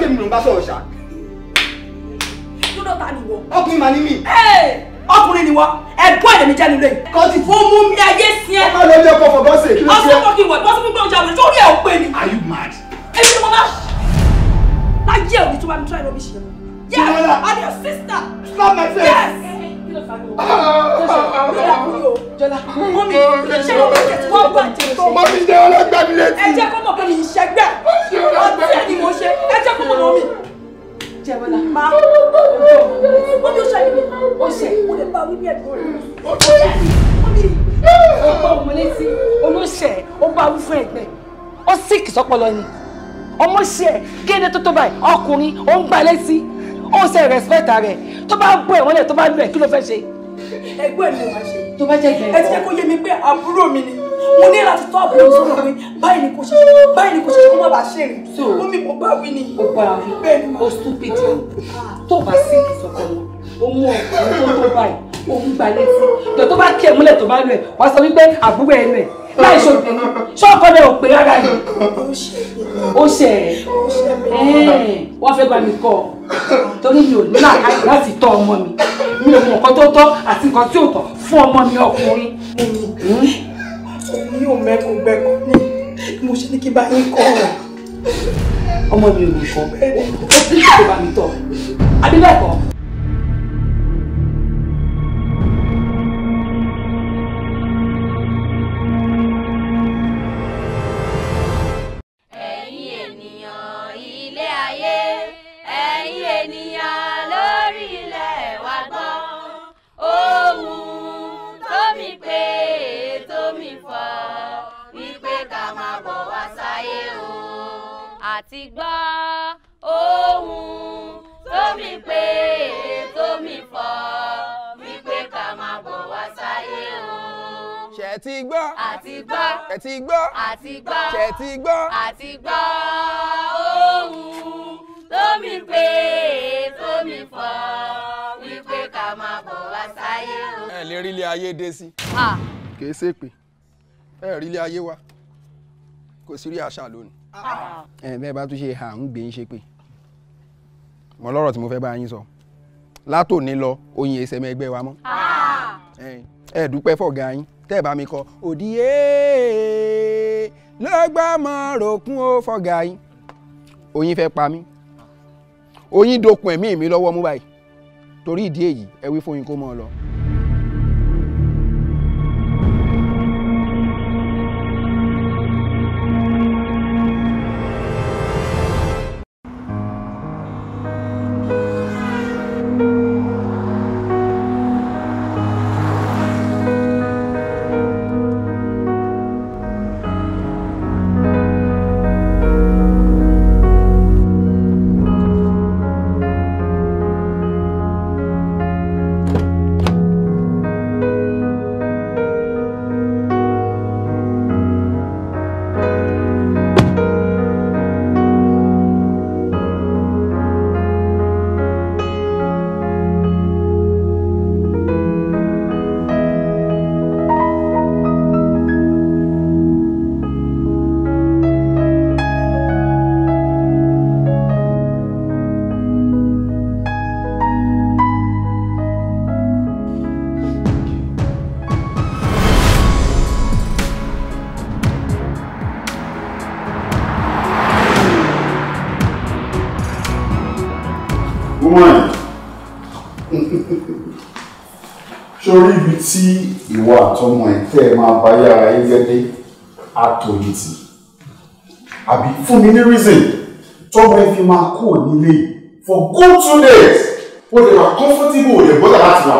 pé mi ló ń bá sọ̀rọ̀ ṣá. dúdọ̀ ta ni wọ. ọkùnrin mà ní mi. ọkùnrin ni wọ ẹ̀bú ẹ̀dẹ̀ mi jẹ́ nílé yìí. kọ́ ti fún mú mi ayé sí ẹ. ọmọ lórí ọkọ fọgbọ́n sè kí ló ṣe. ọsùn kọkì wọ̀ bọ́sùn fún gbọ́njà wọlé sórí ẹ̀ ò ni. are you mad. èmi ni mo bá láyé òní tó bá mi try rubbish yẹn. yes, I'm your sister. slap my face. yes kí ló fà á ní owó jọlá kúrò jọlá mọ mi ṣé wọn bá tètè wọn bá tètè ṣe. mọ mi ṣe ọlọgbà mi létí. ẹ jẹ́ kó mọ̀ pé mi ṣẹgbẹ́ ọtí ẹ̀ ni mo ṣe ẹ jẹ́ kó mọ̀ mọ́ mi. jẹ́wọ́lá máa mọ mi ó ṣe ẹni ó ṣe ó lè bá wíwí ẹ̀dùn rẹ̀ ó ṣe mọ mi ó bá òun létí olóṣè ó bá wí fún ẹgbẹ́ ó sì kìsọ́pọ̀ lọ ni ọmọ ṣe kéde tó tó báyìí ọkùnrin ó ń gba létí ó ṣe respect rẹ̀ tó bá bọ́ ẹ̀ mọ́lẹ̀ tó bá lù ẹ̀ kí ló fẹ́ ṣe. ẹgbẹ́ mi wá ṣe tó bá jẹ́ gbẹ̀rẹ̀. ẹ ti jẹ́ kó yé mi pé àbúrò mi ni mo ní láti tọ́ àbúrò mi sọ́nà pé báyìí ni kò ṣe báyìí ni kò ṣe kó má bàa ṣe rìn. so omi mo bá wí ni. o bá wí bẹ́ẹ̀ ni o stupid ni tó bá sí ìsọ̀kan wọn o mú ọkùnrin tó tó báyìí o ń gbalẹ̀ sí tó bá kí ẹ̀ múlẹ̀ tó bá lù ẹ̀ wá sọ wípé àbúrò ẹ̀ lù ẹ̀ láì ṣòpin ṣọ́ọ̀kọ́ náà ò pé rárá ni ó ṣe ẹ̀ wọ́n fẹ́ gba mi kọ́ torí mi ò ní làkàyè láti tọ́ ọmọ mi mi ò mọ nǹkan tó tọ́ àti nǹkan tí ò tọ́ fún ọmọ mi ọkùnrin. èmi ò mẹ́kùn gbẹ́kùn ní mo ṣe ní kí bá yín kọ́ ọ̀rọ̀. ọmọ mi ò ní kọ́ ó sì ń bá mi tọ̀ àbí ti gbọ́. àti gbọ́. ẹ ti gbọ́. àti gbọ́. ṣe ti gbọ́. àti gbọ́. ohun tómi pé tómi fọ́ wípé ká máa bọ̀ wá sáyé o. ẹ lè rí ilé ayé dé sí. kì í ṣèpè ẹ rí ilé ayé wa kò sí rí àṣà lónìí. ẹ bẹ́ẹ̀ bá tún ṣe à ń gbé ń ṣe pé mo lọ́rọ̀ tí mo fẹ́ bá yín sọ látòní lọ oyin ẹsẹ̀ mẹ́gbẹ́ wa mọ́ ẹ dúpẹ́ fọ̀gá yín tẹ́ bá mi kọ òdì èèyàn ló gbá mọ́ ròkun ó fọ̀gà yín oyin fẹ́ pa mí oyin dokun ẹ̀mí mi lọ́wọ́ mú báyìí torí ìdí èyí ẹ wí fún oyin kó mọ́ ọ lọ. máa kó nílé for good two days ó lè wà comfortable ò lè bọ́dà láti wà.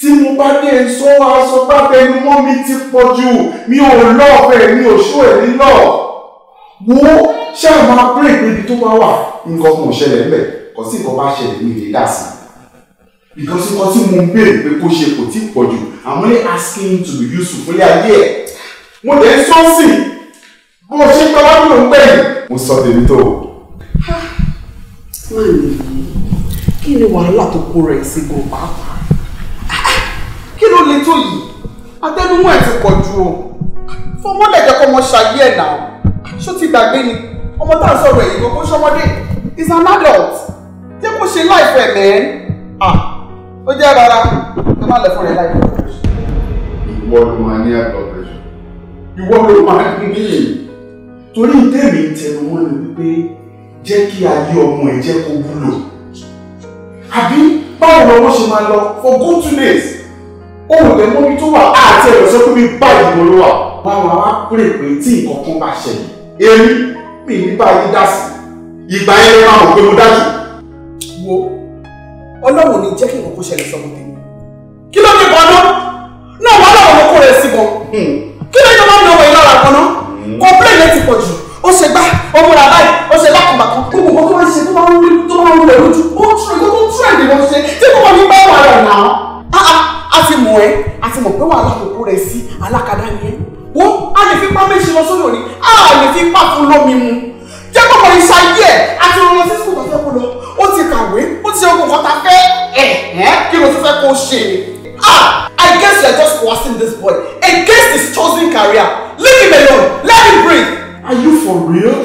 tí mo bá dé sọ aṣọ bá bẹnu mọ́ mi ti pọ̀ jù mi ò lọ́ọ̀fẹ́ mi ò ṣó ẹ̀ nílọ̀ wo ṣáà máa pray níbi tó bá wà nǹkan kan ò ṣẹlẹ̀ ńbẹ̀ kò sí nǹkan bá ṣẹlẹ̀ mi lè dá sí i because nǹkan tí mo ń béèrè pé kó ṣe kò tí pọ̀ jù I'm only asking to be useful fúnlé ayé ẹ̀ mo dẹ̀ ń sọ́ọ̀sì bó o ṣe ń gbọ́ wájú ló ń gbẹ̀yìn mo sọ tèmi tó. má nìyí kí ni wàhálà tó kó rẹ̀ sí gan pàápàá kí ló le tó yìí atẹnumọ́ ẹ̀ ti pọ̀ jù o fọmọ́lẹ̀ jẹ́ kó mọ ṣayé ẹ̀ náà ṣó ti gbàgbé ni ọmọ tá à sọ̀rọ̀ èyí gbogbo ṣọmọdé is an adult jẹ́ kó ṣe láìpẹ́ mẹ́ẹ́ ó jẹ́ rárá ẹ má lọ fún rẹ láìpẹ́. ìwọ ló máa ní àgbọ̀ pẹ̀lú ìwọ ló máa ní níyì torí tèmi ń tẹnu mọ́ ni wípé jẹ́ kí ayé ọmọ ẹ̀ jẹ́ kó wúlò àbí báwo ni wọ́n ṣe máa lọ for good two days ó wò pé mọ́bí tó wà àti ah, ẹ̀rọ sọ pé bí báyìí mo ló wà báwo la wá pèrè pé tí nǹkan kan bá ṣẹlẹ̀ èmi mi ní báyìí dá sí ìgbà yẹn lè máa mọ̀ pé mo dájú. wo ọlọ́run ni jẹ́ kí nǹkan kó ṣẹlẹ̀ sọ́mọ tèmi kí ló dé kan náà náà wàá lọ́wọ́ mo kó rẹ̀ sí gan hmm. kí ló dé wọn náà wọ̀ yìí lára kan náà ó ṣe gbá ó múra báyìí ó ṣe lákòbàkò gbogbo nǹkan tó máa ṣe tó máa ń wúlò tó máa ń wúlò lójú ó tún ẹ̀kọ́ tó tún ẹ̀dẹ̀ lọ ṣe tí kò wọ́n ní bá wà rẹ̀ náà ah, ah, a ti mọ̀ ẹ́ a ti mọ̀ pé wàhálà kòkó rẹ̀ sí alákadá ni ẹ́ wo a lè fi pa méjì lọ sórí òní a lè fi pa fún lómi mu jẹ́ kọ́kọ́ iṣẹ́ ayé ẹ̀ àti ọ̀rọ̀ sí sùkúl tó fẹ́ lọ ó ti kàwé ó ti ṣe kan ta fẹ́ ẹ̀ ẹ́ kí ló tún fẹ́ kó ṣe ah I guess you are just wasting this boy against his chosen career leave him alone let him breathe Are you for real?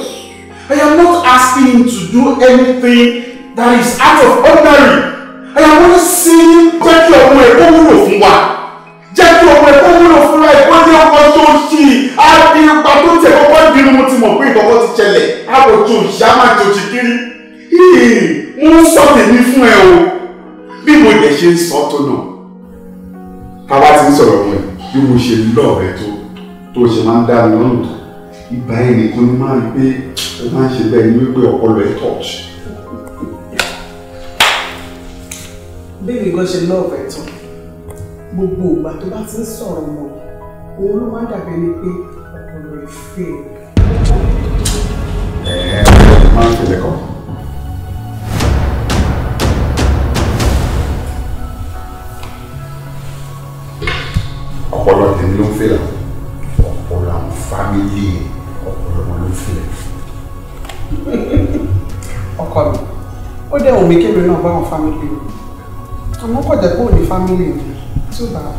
I am not asking him to do anything that is out of ordinary. I am only saying jẹ́ kí ọmọ ẹ̀kọ́ wúlò fún wa. Jẹ́ kí ọmọ ẹ̀kọ́ wúlò fún wa ẹ̀kọ́ ní ọkọ̀ tó ń ṣí. A bí ipa tó tẹ̀ kọ́kọ́ bínú mo ti mọ̀ pé ìkọ̀kọ́ ti ṣẹlẹ̀. A kò tó ìṣá máa tó ṣì kiri. Mo ń sọ tèmi fún ẹ o. Bí mo dẹ̀ ṣe ń sọ tó náà. Bàbá ti ń sọ̀rọ̀ fún ẹ bí mo ṣe lọ́ọ̀rẹ́ tó tó ṣe máa ń dá mi lọ́rùn tó ìgbà yẹn nìkan ni máa rí pé ó máa ń ṣe bẹ́ẹ̀ ni wípé ọpọlọ ẹ̀ tọ̀ọ̀tù. bébì gan ṣe lọ́ọ̀fẹ́ tán gbogbo ìgbà tó bá ti ń sọ̀rọ̀ mọ́ òun ló máa dàbí ẹni pé ọpọlọ ẹ̀ fẹ́ ẹ. ẹ máa ń tẹ̀lé kan. ọpọlọ tèmi ló ń fẹ́ la ọpọlọ àwọn fámìlì yẹn sílẹ̀. ọkọ mi ó dẹ̀ òun kékeré náà bá wọn fámìlì mi àmọ́ kò jẹ́ pé òun ní fámìlì mi tí ó bá wà.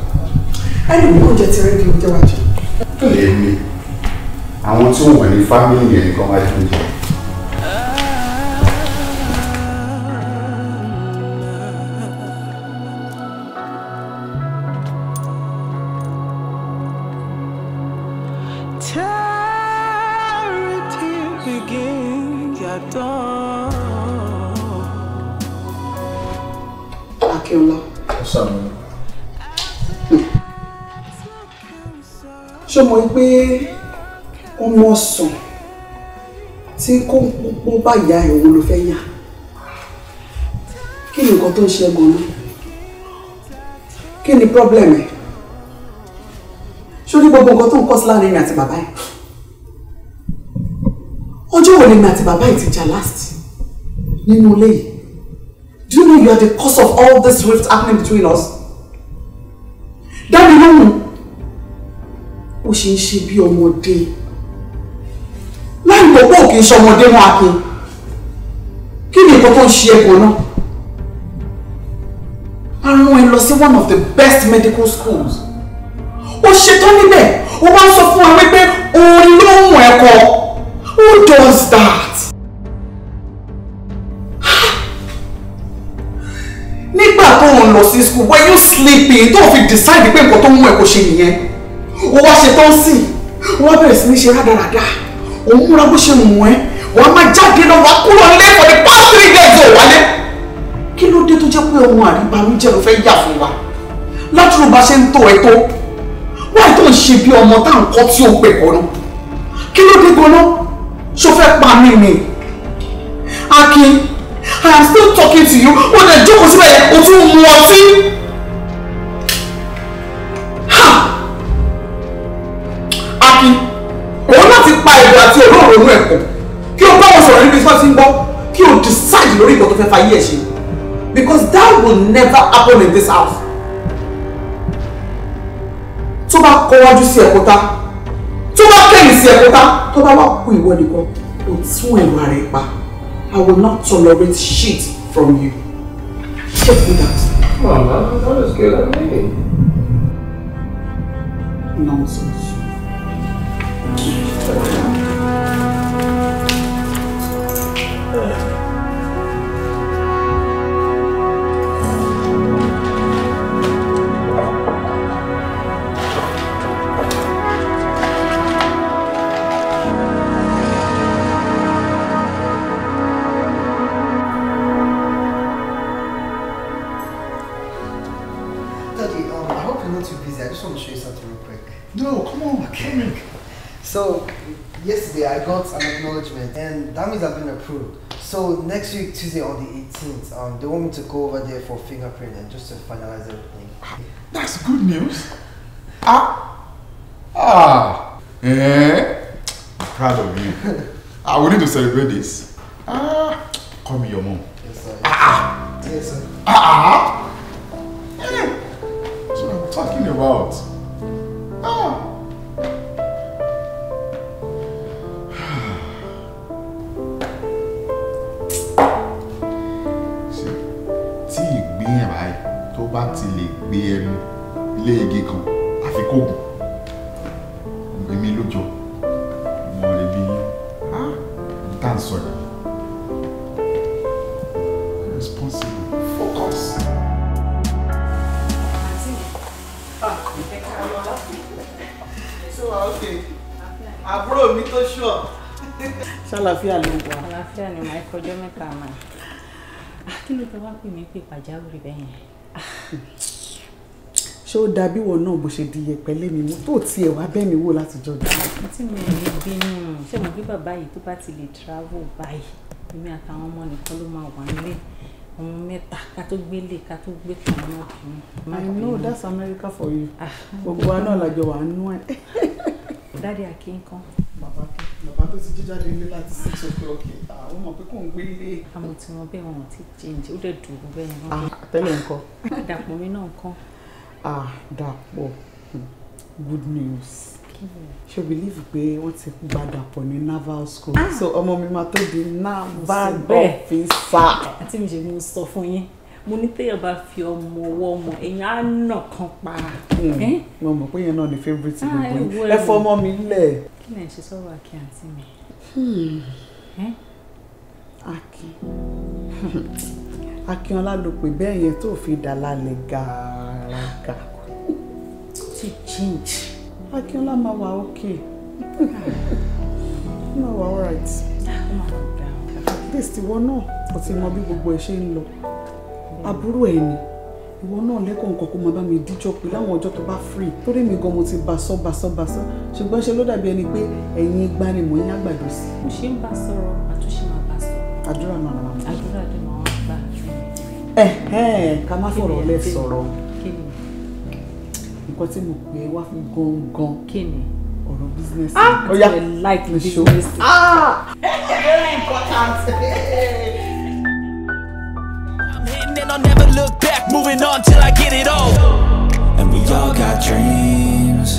ẹni mi kò jẹ ti rẹ́díò jẹ́ wájú. lèmi àwọn tí wọn ní fámìlì yẹn nìkan wájú ń jẹ. ṣé mo pé ọmọ ọ̀sán tí kò púpọ̀ bá ìyá ẹ̀ òun ló fẹ́ yà kí ni nǹkan tó ń ṣe gan-an kí ni problem ẹ̀ ṣó ní gbogbo nǹkan tó ń kọ́ sí láàrin mi àti bàbá ẹ̀ ọjọ́ wo lèmi àti bàbá ẹ̀ ti jà last nínú ilé yìí do you know you are the cause of all this rift happening between us dábìlóhùn ó ṣe ń ṣe bí ọmọdé láì mọ̀ pé òkè sọmọdé mọ́ akin kí ni nǹkan tó ń ṣe ẹ̀kọ́ náà a rán ẹ lọ sí one of the best medical schools ó ṣetán níbẹ̀ ó wá ń sọ fún wa wípé òun ló ń mọ̀ ẹ̀kọ́ who does that? nígbà tó ń lọ sí school were you sleeping tó fi decide pé nǹkan tó ń mú ẹ ṣe nìyẹn wọ́n wá ṣe tó ń sìn wọ́n bẹ̀rẹ̀ sí ní ṣe rádaràda òun múra bó ṣe mú ẹ́ wọ́n á máa jáde lọ wá kúrò nílé for the past three days ò wálé. kí ló dé tó jẹ́ pé ohun àríbanújẹ́ ló fẹ́ yà fún wa látúrò bá ṣe ń tó ẹ tó wáyé tó ń ṣe bí ọmọ tá à ń kọ́ tí ó pè kọ́nú kí ló dé gan-an ṣó fẹ́ pa mí ni Akin I am still talking to you o lè jókòó síbẹ̀ o tún mu ọtí. ronú ẹ̀kọ́ kí o bá wọn sọ̀rọ̀ níbi tí wọ́n ń gbọ́ kí o decide lórí ìkọ́ tó fẹ́ fa yí ẹ̀ ṣe because that will never happen in this house tó bá kọwájú sí ẹ̀kọ́ta tó bá kẹ́yìn sí ẹ̀kọ́ta tó bá wà kú ìwọ́de kan o tún ẹ̀wà rẹ̀ pa I will not tolerate shit from you check me that. Mama, that is good at me. Nonsense. Thank you. So yesterday I got an acknowledgement and that means I've been approved. So next week, Tuesday on the 18th, um, they want me to go over there for fingerprint and just to finalize everything. That's good news. Ah, ah, eh? I'm proud of you. ah, we need to celebrate this. Ah, call me your mom. Yes, sir. ah, ah. yes, sir. Ah, ah, ah. Eh. That's what I'm talking about. Ah. bá ti lè gbé ẹnu lé igi kan àfi kó gùn èmi ló mo lè bí ah, tá à ń sọ yìí. responsible focus. Ah, àbúrò mi tó ṣọ. ṣàlàfíà ló wà. àlàáfíà ni màá kọjọ́ mẹ́ta mà. Ah, kí ló tọ́ wá pè mí pé pàjáwìrì bẹ́yẹn ṣé ó dàbí wọn náà bó ṣe di yẹpẹ lẹ́mi mú tó tiẹ̀ wá bẹ́ẹ̀ mi wò láti jọ dé. tí mi ò lè bínú ṣé mo bí bàbá yìí tó bá ti lè travel báyìí èmi àtàwọn ọmọ nìkan ló máa wà nílé àwọn mẹ́ta ká tó gbélé ká tó gbé kan náà bínú. I know that's America for you ah, gbogbo wa náà làjọ wà nú ẹ. dáàdi akínkan. bàbá bàbá tó ti jíjáde ilé láti six o'clock àwọn ah, ọmọ pé kò ń gbélé. àmọ́ tí wọ́n bẹ́ẹ̀ wọn ti jẹ́ǹjẹ́ ó dẹ̀ dùn bẹ́ẹ̀ náà. Ah, tẹ́lẹ̀ nǹkan. dàpọ̀ mi náà nǹkan ah Dàpọ̀ good news ṣe believe pé wọ́n ti gba Dàpọ̀ ní naval school ah! so ọmọ mi máa tó di naval officer. àti mi ṣe mo sọ fún yín mo ní téèyàn bá fi ọmọ ọwọ́ ọmọ èèyàn á nà kan pa. Hmm. mo mọ̀ pé yẹn náà ni favourite ah, gbogbo ẹ fọ ọmọ mi lẹ̀. kí ni ẹ ṣe sọ̀rọ̀ Akin àǹtí mi. Akin hmm. Akinola ló pè bẹ́ẹ̀ yẹn tó fi dà lálẹ́ gàá alága ti change Akínọlá máa wà ókè máa wà alright àtẹ̀sí ìwọ náà kò ti mọ bí gbogbo ẹ ṣe ń lọ àbúrò ẹ ni ìwọ náà lẹ́kọ̀ọ́ nǹkan kó máa bá mi díjọ́ pé láwọn ọjọ́ tó bá free torí mi gan mo ti basọ basọ basọ ṣùgbọ́n ṣe ló dàbí ẹni pé ẹ̀yin igba ni mò ń yá gbàdo sí. mo ṣe ń bá sọ̀rọ̀ àtúnṣe máa bá sọ. àdúrà màmá. àdúrà dè máa wá gbà. ẹ ẹ ká má fọ̀rọ̀ lẹ sọ̀rọ̀. nǹkan tí mo pè wá fún gangan kí ọ̀rọ̀ business ah oya i like the show ah very important. And i never look back, moving on till I get it all. And we all got dreams,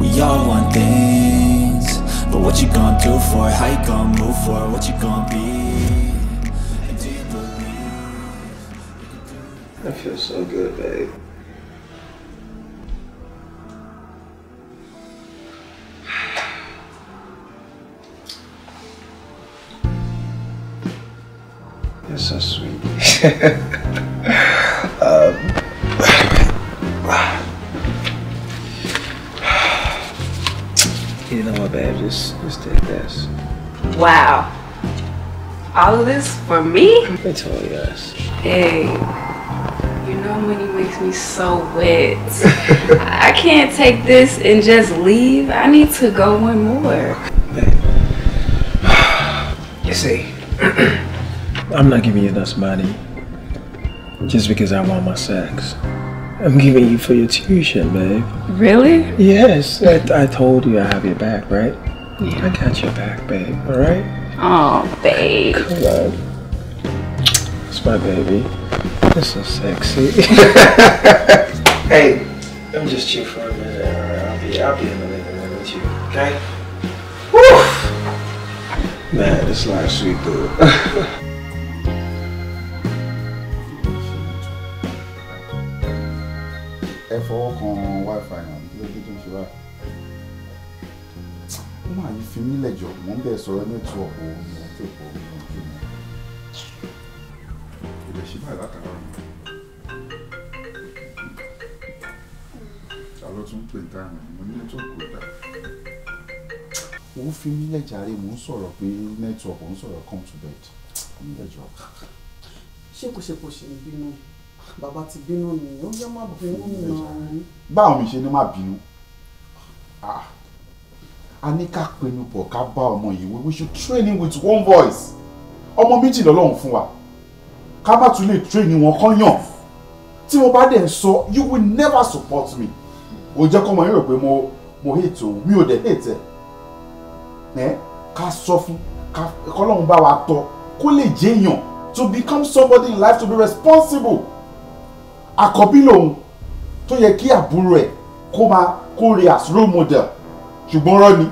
we all want things. But what you gonna do for it? How you gonna move for it? What you gonna be? I feel so good, babe. You're so sweet. um, you know what, babe? Just, just take this. Wow. All of this for me? I told you this. Hey, you know money makes me so wet. I can't take this and just leave. I need to go one more. You see. I'm not giving you this money just because I want my sex. I'm giving you for your tuition, babe. Really? Yes. I, I told you I have your back, right? Yeah. I got your back, babe. All right? Oh, babe. Come on. It's my baby. This so sexy. hey, I'm just chill for a minute. right, I'll be, I'll be in the living room with you. Okay? Woo! Man, this life's sweet, dude. ẹ fọwọ́ kan wifi náà kí ló tó ń ṣe wá. ó máa yí fi mí lẹ́jọ́ mò ń bẹ̀ sọ̀rọ̀ nẹ́tíwọ̀kì òun ò tó pọ̀ òun ò tó mọ̀. ìbẹ̀ ṣe báyìí látara mi. ta tún pè ń dáhùn mo nẹ́tíwọ̀kì ò dáa. ó fi mí lẹ́jàre mò ń sọ̀rọ̀ pé nẹ́tíwọ̀kì ò sọ̀rọ̀ come to bed. ṣé kò ṣe kò ṣe ń bínú bàbá ti bínú mi ó yẹ má bínú mi. báwo mi ṣe ni má bínú ah, a ní ká pinnu pọ̀ ká bá ọmọ yìí we should train him with one voice ọmọ méjì lọ́lọ́run fún wa ká bá tún lè train wọn kán yàn tí mo bá dẹ̀ ń sọ you will never support me o jẹ́ kọ́ mọ yín pé mo mo hate òun mi ò dẹ̀ hate ẹ̀ ẹ́ ká sọ fún ká kọ́lọ́run bá wa tọ́ kó lè jẹ́ èèyàn to become somebody in life to be responsible àkọ́bí lòun tó yẹ kí àbúrò ẹ̀ kó máa kó as role model ṣùgbọ́n rọ́ ni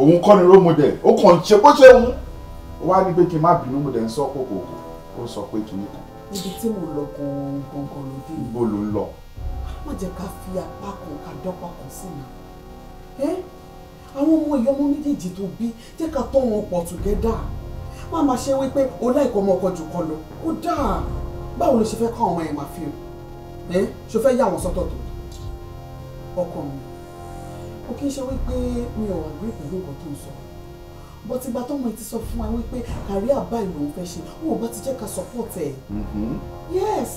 òun kọ́ ni role model ó kàn ń ṣe bó ṣe ń wá ní pé kí n má bínú mo dẹ̀ ń sọ kòkòkò ó sọ pé kìíní kan. ibi tí mo lọ gan-an gan-an ló dé. ibo ló ń lọ. má jẹ́ ká fi apá kan ká dọ́pọ̀ kan sí mi. àwọn ọmọ ìyá ọmọ méjèèjì tó bí jẹ́ ká tọ́ wọn pọ̀ together má máa ṣe wípé o láìkọ́ ọmọ ọkọ jù kan lọ ó dáa báwo ló ṣe fẹ́ kọ́ àwọn ẹ̀ máa fi hàn ẹ eh? ṣo fẹ́ yà wọ́n sọ́tọ̀ọ̀tọ̀ ọkọ mi o kì í ṣe wípé mi ò àgbé pẹ̀lú nǹkan tó ń sọ bọ́ ti gba tọ́mọ ti sọ fún wa wípé career báyìí lòun fẹ́ ṣe o ò bá ti jẹ́ ká support ẹ̀ mm-hmm. yes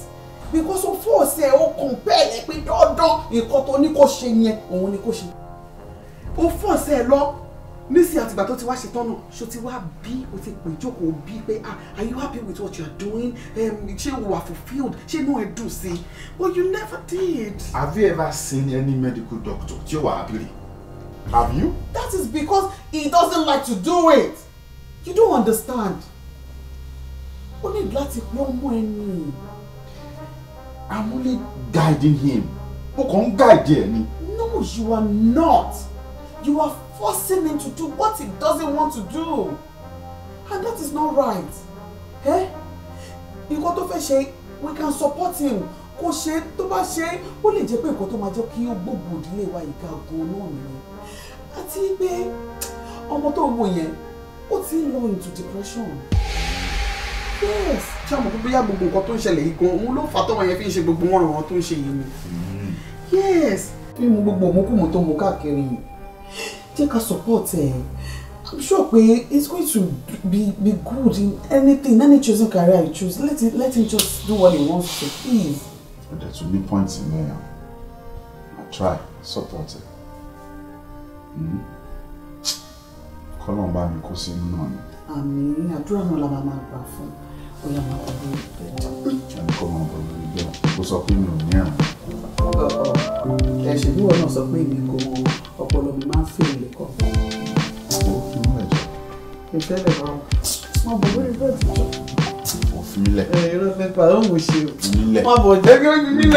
because o force ẹ̀ o compel ẹ̀ pé dandan nǹkan tó ní kó ṣe yẹn òun ni kó ṣe o force ẹ̀ lọ nísìnyí àtìgbà tó ti wá ṣetán náà ṣó ti wá bí o ti pè jókòó bí pé ah are you happy with what you are doing ṣé o wà fulfilled ṣé inú ẹ dùn sí i but you never did. have you ever seen any medical doctor tí o wà happy have you. that is because he doesn't like to do it you don't understand ó ní láti pé ọmọ ẹni. i'm only guiding him mo kàn ń guide ẹ ni. no you are not you are forcing him to do what he doesn't want to do. And that is not right. Eh? Nǹkan tó fẹ́ ṣe, we can support him. Kò ṣe tó bá ṣe, ó lè jẹ́ pé nǹkan tó máa jẹ́ kí ó gbogbo ìdílé wa ìka gan náà nìyẹn. Àti pé ọmọ tó wò yẹn, ó ti ń lọ into depression. Yes. Ṣé àwọn tó bóyá gbogbo nǹkan tó ń ṣẹlẹ̀ yìí gan, òun ló fà tọ́wọ́ yẹn fi ń ṣe gbogbo wọn àwọn tó ń ṣe yìí ni. Mm-hmm. Yes. Bí mo gbogbo òmùkùmù tó mú káàkiri yìí. Take ká support ẹ̀ i'm sure pé it's going to be be good in anything any chosen career you choose let him let him just do what he wants to please. there to be point in there i try support ẹ hmm? kọ́lọ́n bá mi kó sí nínú ọ̀nà. àmì àdúrà náà la máa gbà fún un ó yà máa sọ pé mi ò ní àrùn. ẹ ṣe bí wọn náà sọ pé èmi kò ọpọlọ mi máa ń fèrè lẹ́kọ̀ọ́. ó fi mí jọ. ìtẹ́lẹ̀ bá wọn bọ̀ lórí bẹ́ẹ̀ ti jọ. ó fi mí lẹ̀. ẹ irọ́ pẹ́pà ó mú ṣe o. fi wọn bọ̀ jẹ́ kí ó fi mí kí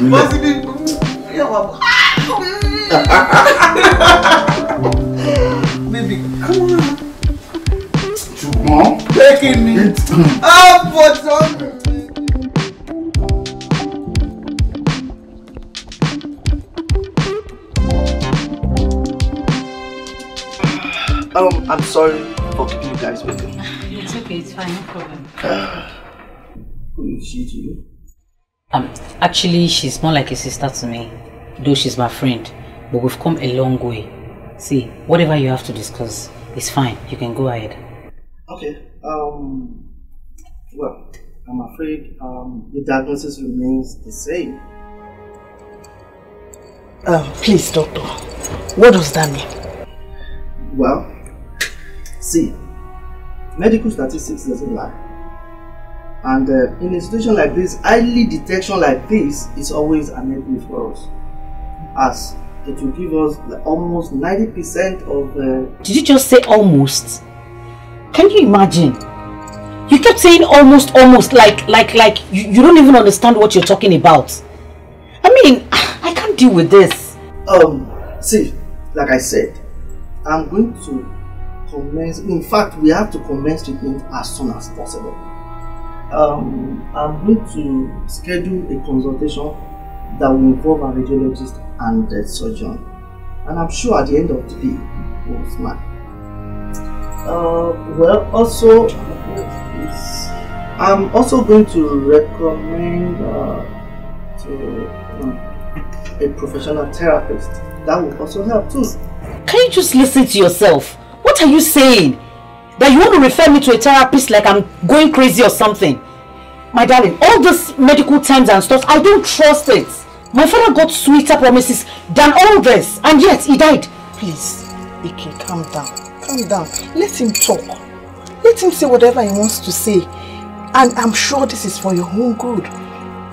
n bọ́ síbi yàwá bọ̀. Baby, come on. ṣùgbọ́n. taking me up ah, for Um, I'm sorry for keeping you guys waiting. It's okay, it's fine, no problem. who is she to you? Um, actually, she's more like a sister to me, though she's my friend. But we've come a long way. See, whatever you have to discuss, it's fine. You can go ahead. Okay. Um, well, I'm afraid um, the diagnosis remains the same. Um, please, doctor, what does that mean? Well, see, medical statistics doesn't lie. And uh, in a situation like this, early detection like this is always an enabling for us. As it will give us almost 90% of... Uh, Did you just say almost? Can you imagine? You kept saying almost, almost, like, like, like, you, you don't even understand what you're talking about. I mean, I can't deal with this. Um, see, like I said, I'm going to commence, in fact, we have to commence treatment as soon as possible. Um, I'm going to schedule a consultation that will involve a radiologist and a surgeon. And I'm sure at the end of the day, we'll smile. Uh, well, also, I'm also going to recommend uh, to um, a professional therapist. That will also help too. Can you just listen to yourself? What are you saying? That you want to refer me to a therapist like I'm going crazy or something? My darling, all these medical terms and stuff, I don't trust it. My father got sweeter promises than all this, and yet he died. Please, Ike, calm down calm down. Let him talk. Let him say whatever he wants to say. And I'm sure this is for your own good.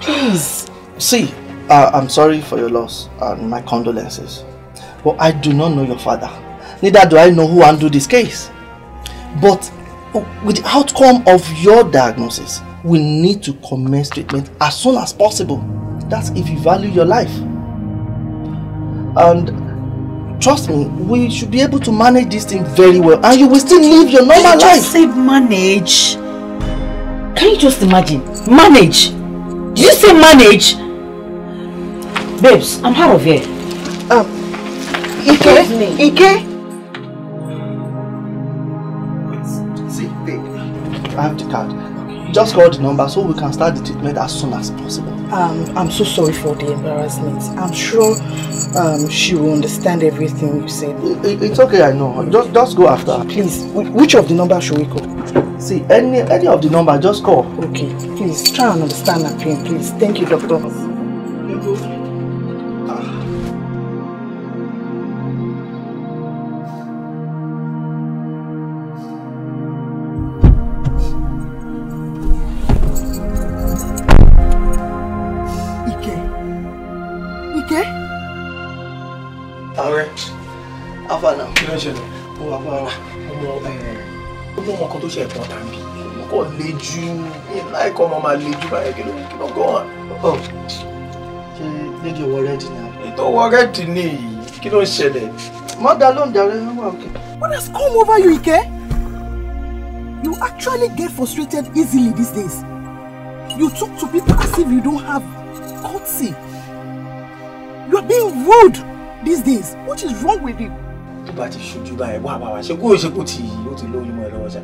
Please. See, uh, I'm sorry for your loss and my condolences. But I do not know your father. Neither do I know who handled this case. But with the outcome of your diagnosis, we need to commence treatment as soon as possible. That's if you value your life. And Trust me, we should be able to manage this thing very well and you will still live your normal Can you just life. say manage? Can you just imagine? Manage? Did you say manage? Babes, I'm out of here. Um, Ike? Ike? See, babe, I have to cut. Just call the number so we can start the treatment as soon as possible. Um, I'm so sorry for the embarrassment. I'm sure um, she will understand everything you said. It, it's okay, I know. Just just go after her. Please, which of the number should we call? See, any, any of the number, just call. Okay, please, try and understand her pain, please. Thank you, doctor. Thank you. kí ló ń ṣẹlẹ̀ eh, ó wà bá ọmọ ó lọ́wọ́ kan tó ṣe ẹ̀pọ̀n tàbí ó kọ̀ lejú láìkọ́ ọmọ máa lejú báyẹn kí ló kí ló gan wa. Oh. ṣé lédè wọ rẹ́ẹ̀dì ni. ètò wọ rẹ́ẹ̀dì ni kí ló ń ṣẹlẹ̀. mọ́dà ló ń darí wá òkè. what has come over you Ike? you actually get frustrated easily these days. you talk to people as if you don't have courtesy. you are being rude these days. what is wrong with you? tó bá ti ṣojú báyìí wá wá wá ṣe kó o kó ti yìí ó ti lóyún mọ́ ẹ lọ́wọ́ ṣá.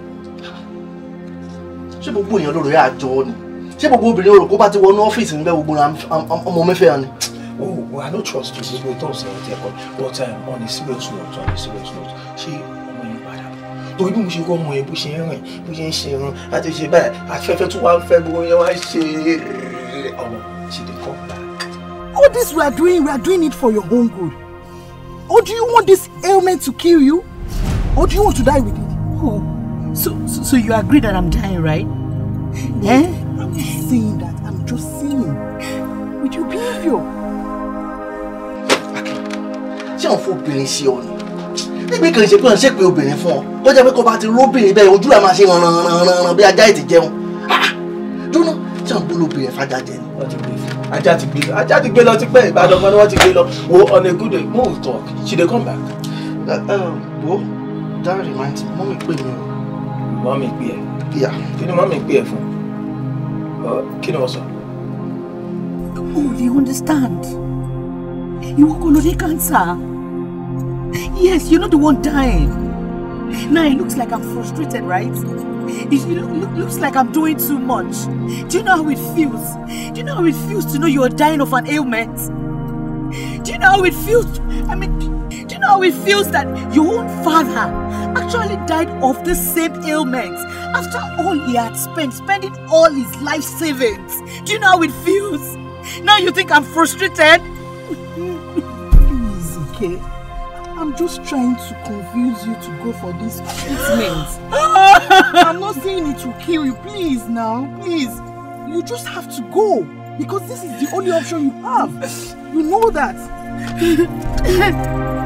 ṣé gbogbo èèyàn lóore àjọ ni ṣé gbogbo obìnrin orò kó bá ti wọnú ọ́fíìsì níbẹ̀ gbogbo ọmọ mẹ́fẹ́ ni. oh i no trust you gbogbo ìtọ́ ọ̀sẹ̀ ọ̀tẹ̀ ẹ̀kọ́ but um, on a serious note on a serious note ṣé ọmọ yẹn padà torí bí mo ṣe kọ́ ọmọ yẹn bó ṣe ń rìn bó ṣe ń ṣe irun àti ṣe báyìí afẹ́fẹ́ tó wá fẹ́ gbogbo yẹn wá ṣe ọmọ ṣe dey come all this we are doing we are doing it for your own good. Or oh, do you want this ailment to kill you? Or do you want to die with it? Oh, so, so, so you agree that I'm dying, right? No, eh? I'm just saying that. I'm just saying. With your behavior. Ṣé àwọn fóbìnrin sí ọ ni? Níbi kìí ṣe pé ọ̀n ṣe pé obìnrin fún ọ. Ó jẹ́ pé kó bá ti róbìnrin bẹ́ẹ̀ ojú ẹ̀ máa ṣe ràn ràn ràn ràn bí ajá ìtì jẹun. Ah! Dúró náà, ṣé àwọn bólú obìnrin fájá jẹ ni? ajá ti gbé lọ ajá ti gbé lọ ti pẹ́ ìbàdàn kan ni wọ́n ti gbé lọ wo on a good day mo talk she dey come back. Uh, um, wo that remind me mọ́mí pè mí o. mọ́mí pè ẹ́ kí ni mọ́mí pè ẹ́ fún uh, kí ni wọ́n sọ. Oh, you understand? You are going to cancer. Yes, you're not the one dying. Now it looks like I'm frustrated, right? It looks like I'm doing too much. Do you know how it feels? Do you know how it feels to know you're dying of an ailment? Do you know how it feels? I mean, do you know how it feels that your own father actually died of the same ailment after all he had spent, spending all his life savings? Do you know how it feels? Now you think I'm frustrated? Please, okay? I'm just trying to convince you to go for this treatment. Ah! not saying it will kill you. Please now, please. You just have to go. Because this is the only option you have. You know that.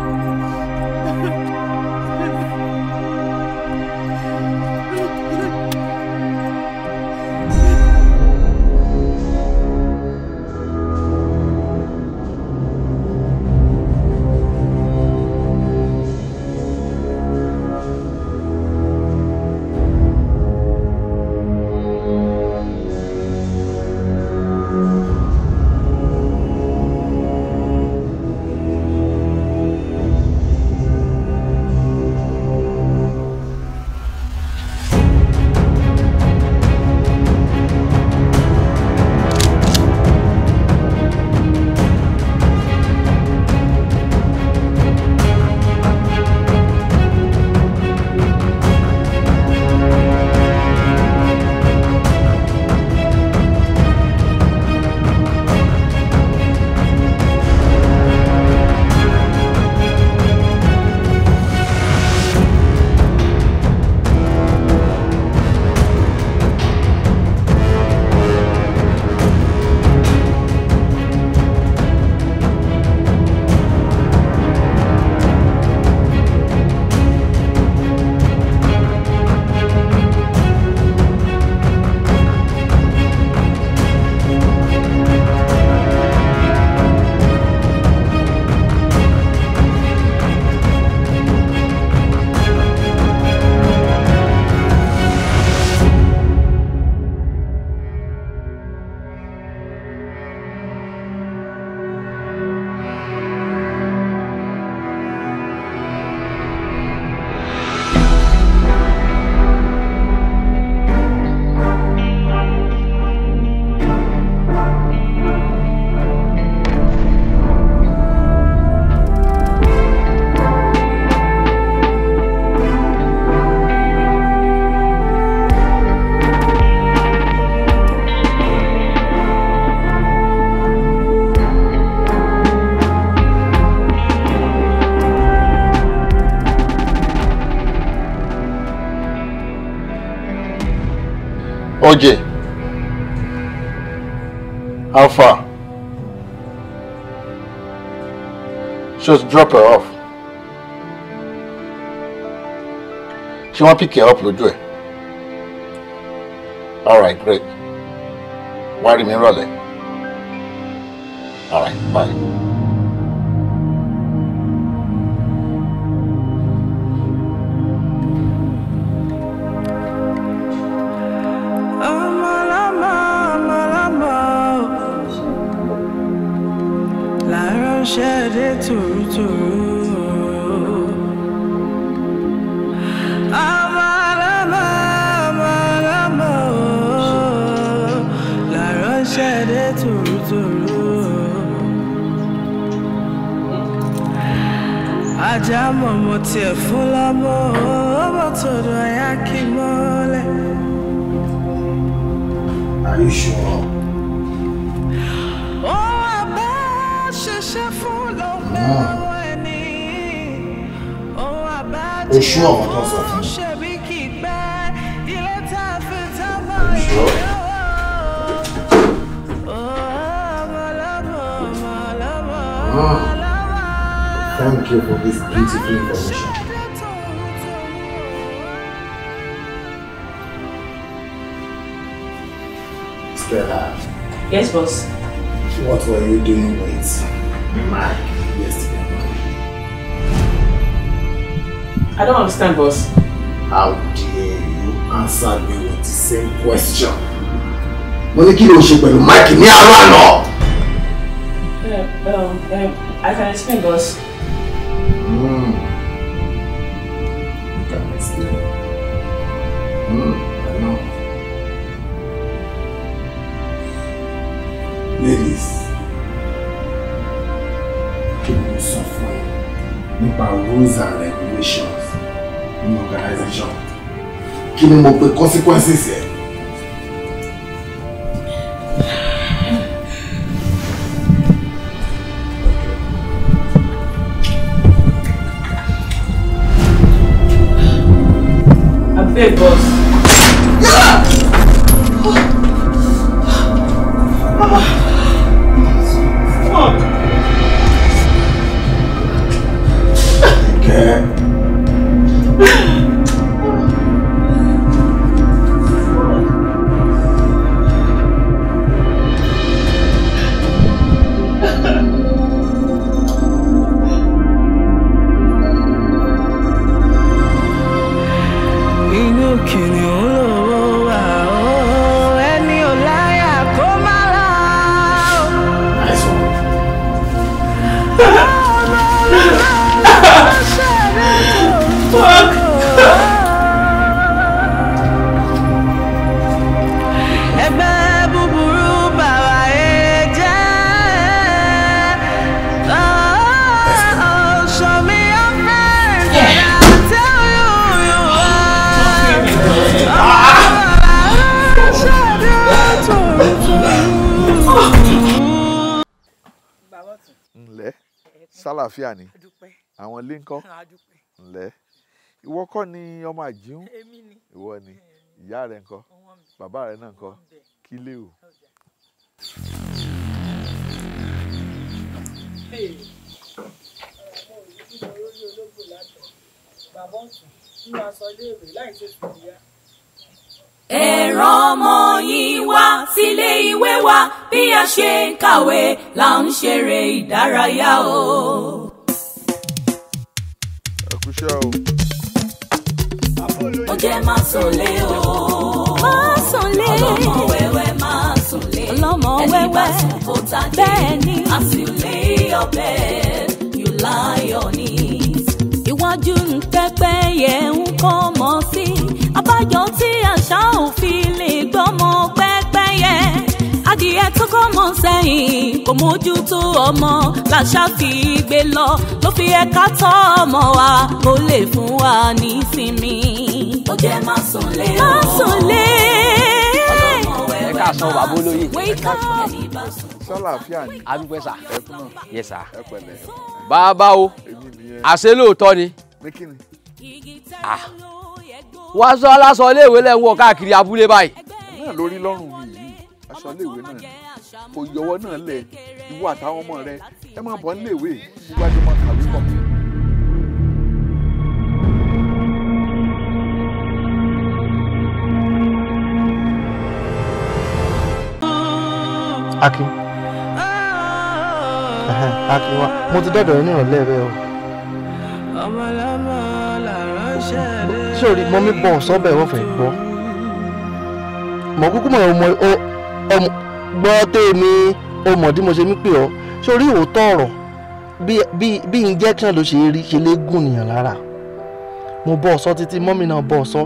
nǹkan jẹ alpha just drop her off ṣé wọ́n pick her up lójú ẹ̀ alright great wá rí mi rọ̀lẹ́ alright bye. ṣú ah, thank you for this beautiful information. Stella. Yes, boss. What were you doing with Mike? I don't understand, boss. How dare you answer me with the same question? Mo ní kí ló ṣe pẹ̀lú Mike ní àárọ̀ eh, um, eh, I can explain, boss. Hmm. You can explain. Hmm. I know. Ladies. nípa rules and regulations ní organization kí ni mo pe consequences yẹn ọ̀làjú ìwọ ni ìyá rẹ ńkọ́ bàbá rẹ náà ńkọ́ kí o. ẹ̀rọ ọmọ yín wá sílé ìwé wa bí a ṣe ń kàwé là ń ṣeré ìdárayá o. ẹ kú iṣẹ́ o ó jẹ́ má sọ̀lé o. má sọ̀lé. ọlọ́mọ wẹ́wẹ́ má sọ̀lé. ọlọ́mọ wẹ́wẹ́ ẹni bá sùn kó tàdé. bẹ́ẹ̀ni. as you lay your bed you lie on knees. iwájú ń tẹ́pẹ́ yẹ ń kọ́ ọmọ sí abájọ tí àṣà òfin lè gbọ́mọ pẹ́pẹ́ yẹ adìẹ tó kọ́ mọ́ sẹ́yìn kò mójútó ọmọ làṣà fi gbé lọ ló fi ẹ̀ka tọ́ ọmọ wa kó lè fún wa nísinmi. ó jẹ́ má sùn lé o má sùn lé. ẹ sọ bàbá olóyè. sọláfíà ni. adúpẹ́ sà. ẹ bàbá o àṣẹ ni. ní ah. sọ aláṣọ iléèwé lẹ́hìn wọ káàkiri abúlé báyìí. lórí lọ́rùn mi yìí aṣọ iléèwé náà kò yọwọ́ náà lẹ̀ ìwọ àtàwọn ọmọ rẹ ẹ máa bọ̀ níléèwé iwájú máa kàwé pọ̀. Akin Akin wa mo ti dọ́dọ̀ ẹ ní ìrọ̀lẹ́ rẹ o. sórí mọ́mí bọ̀ sọ́bẹ̀ wọ́n fẹ́ gbọ́ mọ̀ kúkú mọ̀ ọ́ gbọ́ tèmi o mọ̀ tí mo ṣe mí pè ọ́ sórí òótọ́ ọ̀rọ̀ bí injection ló ṣe rí ṣe lè gùn nìyàn lára mo bọ́ ọ̀sọ́ títí mọ́mì náà bọ́ ọ̀sọ́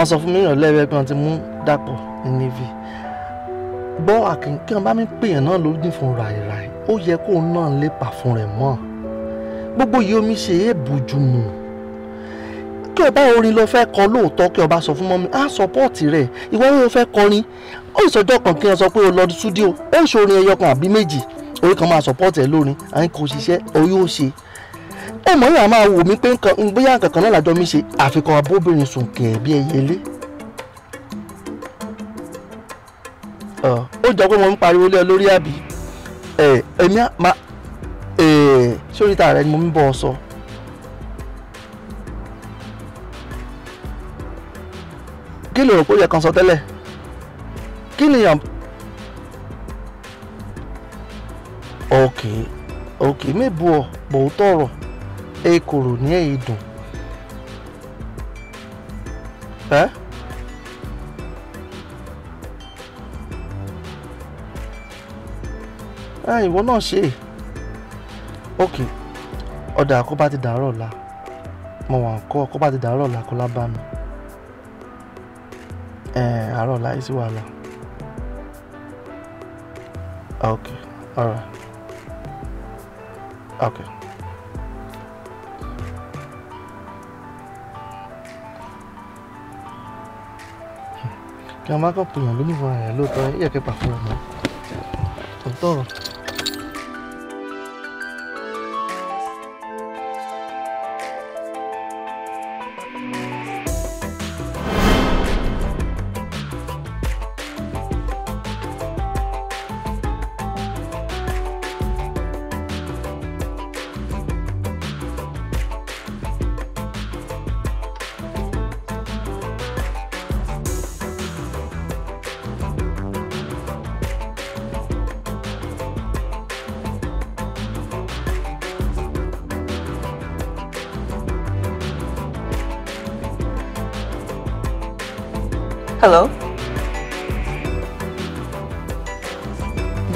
ọ̀sọ̀ fún mi yàn lẹ́wẹ́ gan ti mú dàpọ̀ níbi bọ́ àkínkàn bá mi pè yàn náà ló dín fún ràìràì ó yẹ kó náà lépa fún rẹ̀ mọ́ gbogbo yìí omi ṣe é bùjú mu kí o bá orin lọ fẹ́ kọ lóòótọ́ kí o bá sọ fún mọ́mí á sọpọ́ọ̀tì rẹ̀ ìwọ o fẹ́ kọrin ó ìsọjọ́ kan kí o sọ pé o lọ studio ó ń ẹyọ kan àbí méjì orí kan máa sọpọ́ọ̀tì ẹ lórin àyìn kò ṣiṣẹ́ orí ó ṣe ẹ mọ̀ yàrá máa wò mí pé bóyá nǹkan kan náà làjọ mi ṣe àfikún abóbìnrin sùn kẹ̀ bí ẹyẹlé ó jọ pé mo ń pariwo lé ẹ lórí àbí ẹ̀ẹ́mí ṣóríta rẹ ni mo ń bọ̀ ọ sọ. So kí lè rò pé ó yẹ kan sọ tẹ́lẹ̀ kí ni yàn. ok ok mébù ọ bòótọ́ ọ̀rọ̀ ekòrò ní èyí dùn. ẹ́ ẹ́ ìwọ náà ṣe é ok ọ̀dà kó bá ti dàárọ̀ ọ̀la mo wà ń kọ́ kó bá ti dàárọ̀ ọ̀la kó lá bá mi àárọ̀ láì sí wàhálà ok alright Okay. kí a má kàn pèèyàn lónìí fún ara rẹ̀ lóòótọ́ yẹ kẹ́ pàfọ́ọ̀mù ọ̀tọ̀ ọ̀rọ̀.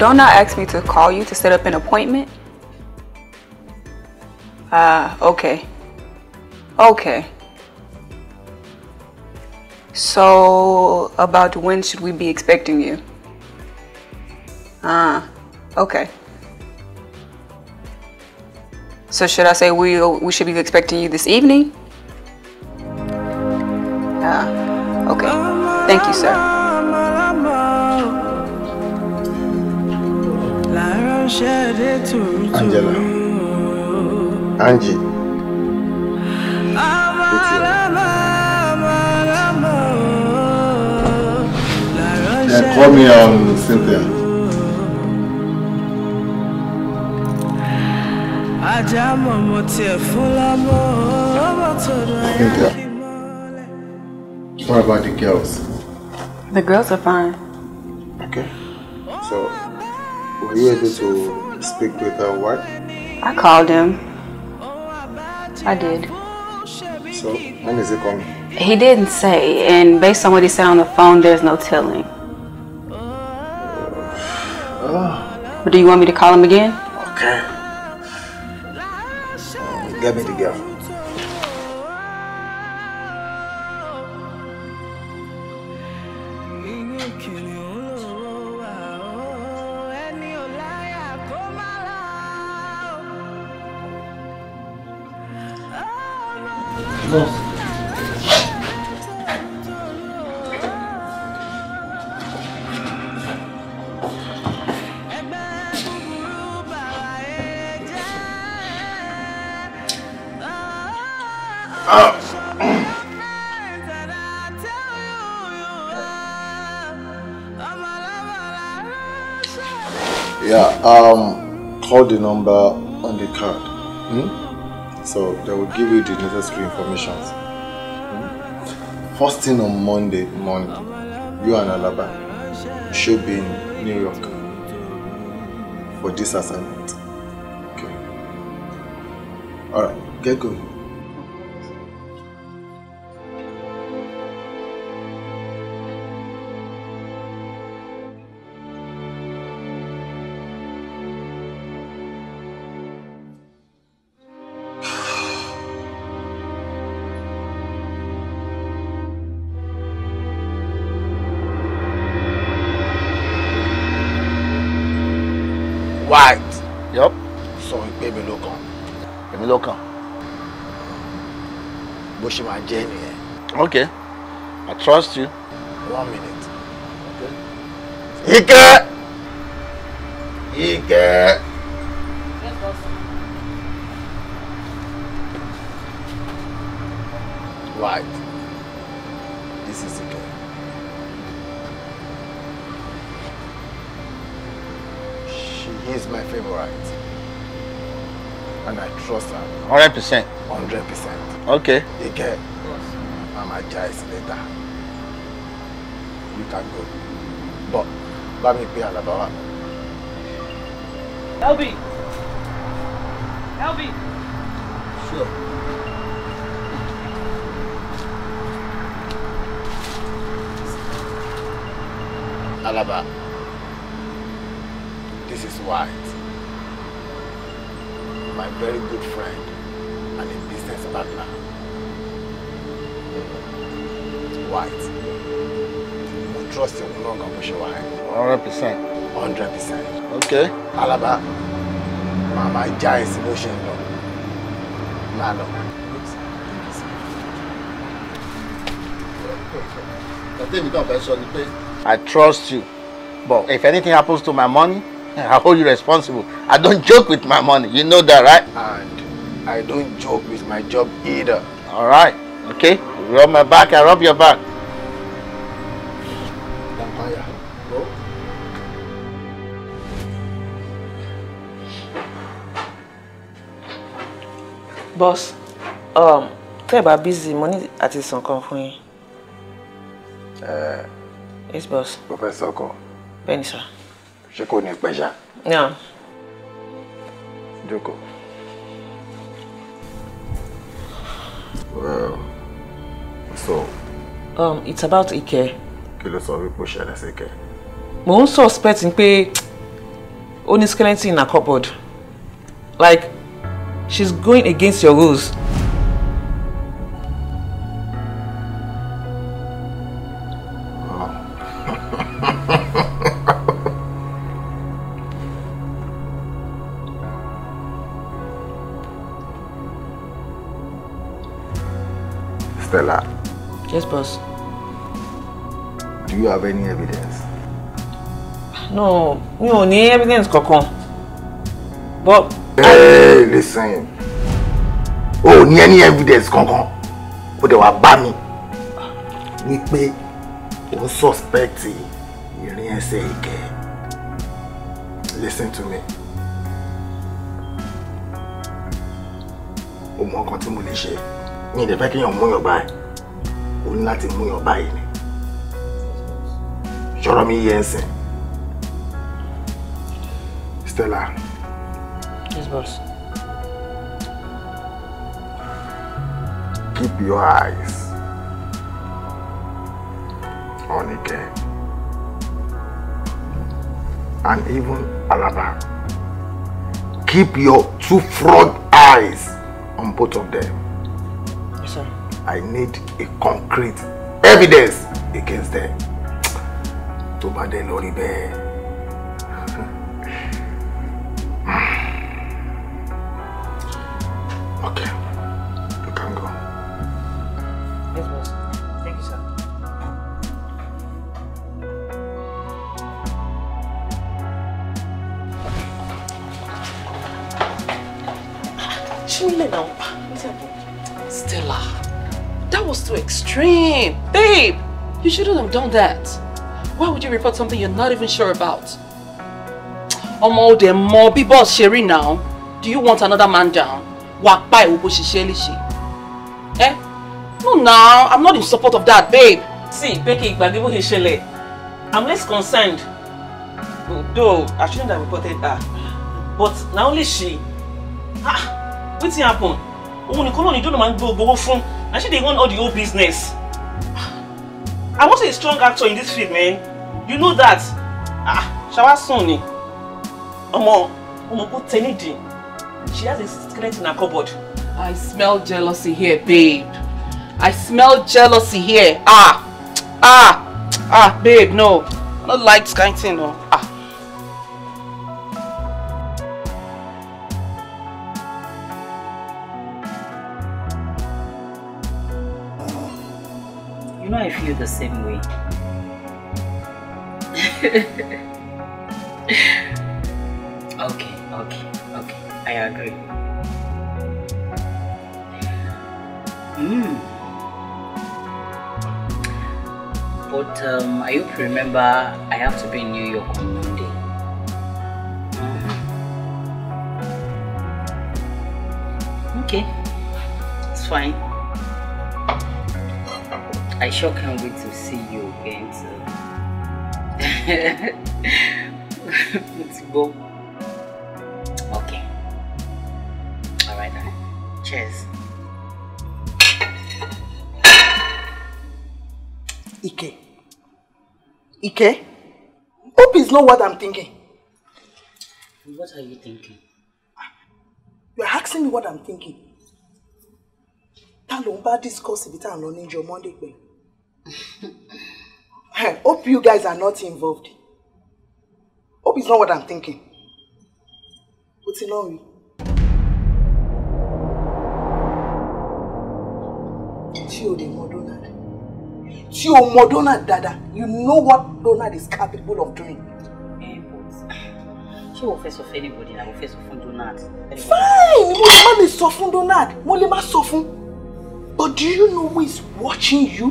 Don't not ask me to call you to set up an appointment. Ah, uh, okay. Okay. So, about when should we be expecting you? Ah, uh, okay. So should I say we we should be expecting you this evening? Ah, uh, okay. Thank you, sir. Angela. Angie. Yeah, call me on um, Cynthia. Cynthia. What about the girls? The girls are fine. you able to speak with her What? I called him. I did. So, when is he coming? He didn't say, and based on what he said on the phone, there's no telling. Uh, do you want me to call him again? Okay. get me the girl. the number on the card. Hmm? So they will give you the necessary information. Hmm? First thing on Monday morning, you and Alaba should be in New York for this assignment. Okay. Alright, get going. fight. yep. sọ pé èmi ló kàn. èmi ló kàn. bó ṣe máa jẹ́ nìyẹn. okay i trust you. one minute. Okay. ike ike. right. all right. And I trust her. 100%. 100%. Okay. Again, Mama Jai is later. You can go. But, let me be pay Alaba. Elby! Elby! Sure. Alaba, this is why my very good friend and a business partner. White. Mo trust òun náà gan bó ṣe Hundred percent. Hundred percent. Okay. Alaba, màmá já is bó ṣe ń lọ. Má lọ. Tàtẹ́mi náà fẹ́ sọ ni I trust you, but if anything happens to my money, I hold you responsible. I don't joke with my money. You know that, right? And I don't joke with my job either. All right. Okay. rub my back, I rub your back. Boss, um, tẹ́ ẹ busy, Money at àti san kan fún yín. Eh. Yes, boss. Professor Ko. Bẹ́ẹ̀ ni, sir. Ṣé kò ní pẹ́ ṣá? Yeah. Jókòó. Well, so. Um, it's about Ike. Kí ló sọ wípé ó ṣẹlẹ̀ sí Ike? Mò ń suspect pé ó only skeleton in a cupboard. Like, she's going against your rules. you have any evidence? No, mi ò ní evidence kankan. But. Hey, I... Eh, listen. O ò ní any evidence kankan. O dẹ̀ wá bá mi. Wípé o ń suspect ìrìn ẹsẹ̀ ìkẹ́. Listen to me. O mọ nǹkan tí mo lè ṣe. Mi ì dẹ̀ fẹ́ kéèyàn mú yàn báyìí. O ní láti mú yàn báyìí ṣọ̀rọ̀ mi yẹ ẹsẹ̀. Stella. Yes, boss. Keep your eyes on Ike and even Alaba. Keep your two frog eyes on both of them. Yes, sir. I need a concrete evidence against them. tó bá dé lórí bẹ́ẹ̀. Okay, you can go. Yes, boss. Thank you, sir. Chimile now. Stella, that was too extreme. Babe, you shouldn't have done that. you report something you're not even sure about? Ọmọ òde mọ bí boss ṣe now. Do you want another man down? Wà pa ìwò bó ṣe ṣe léṣe. Eh? No now, I'm not in support of that, babe. See, Becky, ìgbàgbé bó ṣe ṣẹlẹ̀. I'm less concerned. Though, I shouldn't have reported her. But now only she. Ah, wetin happen? Òun nìkan náà ni Jọ́nà máa ń gbé gbowó fún. And she dey run all the old business. Ah, I want a strong actor in this field, man you know that ah ṣáwá sùn ni ọmọ ọmọ kò tẹ she has a skeleton in her cupboard. I smell jealousy here babe I smell jealousy here ah ah ah babe no I no like this kind of thing no. ah. You know I feel the same way. okay, okay, okay. I agree. Mm. But um, I hope you remember I have to be in New York on Monday. Mm. Okay, it's fine. I sure can't wait to see you again. So. Let's go. Okay. All right. then cheers. Ike Ike hope is not what I'm thinking. What are you thinking? You're asking me what I'm thinking. That ló ń is better than tá à Monday pẹ̀lú. I hope you guys are not involved. Hope it's not what I'm thinking. What's in on me. o dẹ̀ mọ Donald. Tí o You know what Donald is capable of doing. Eh, ṣé o fẹ́ sọ fún anybody na o fẹ́ sọ fún Donald? Fine! Mo lè má lè sọ fún Donald. Mo lè má But do you know who is watching you?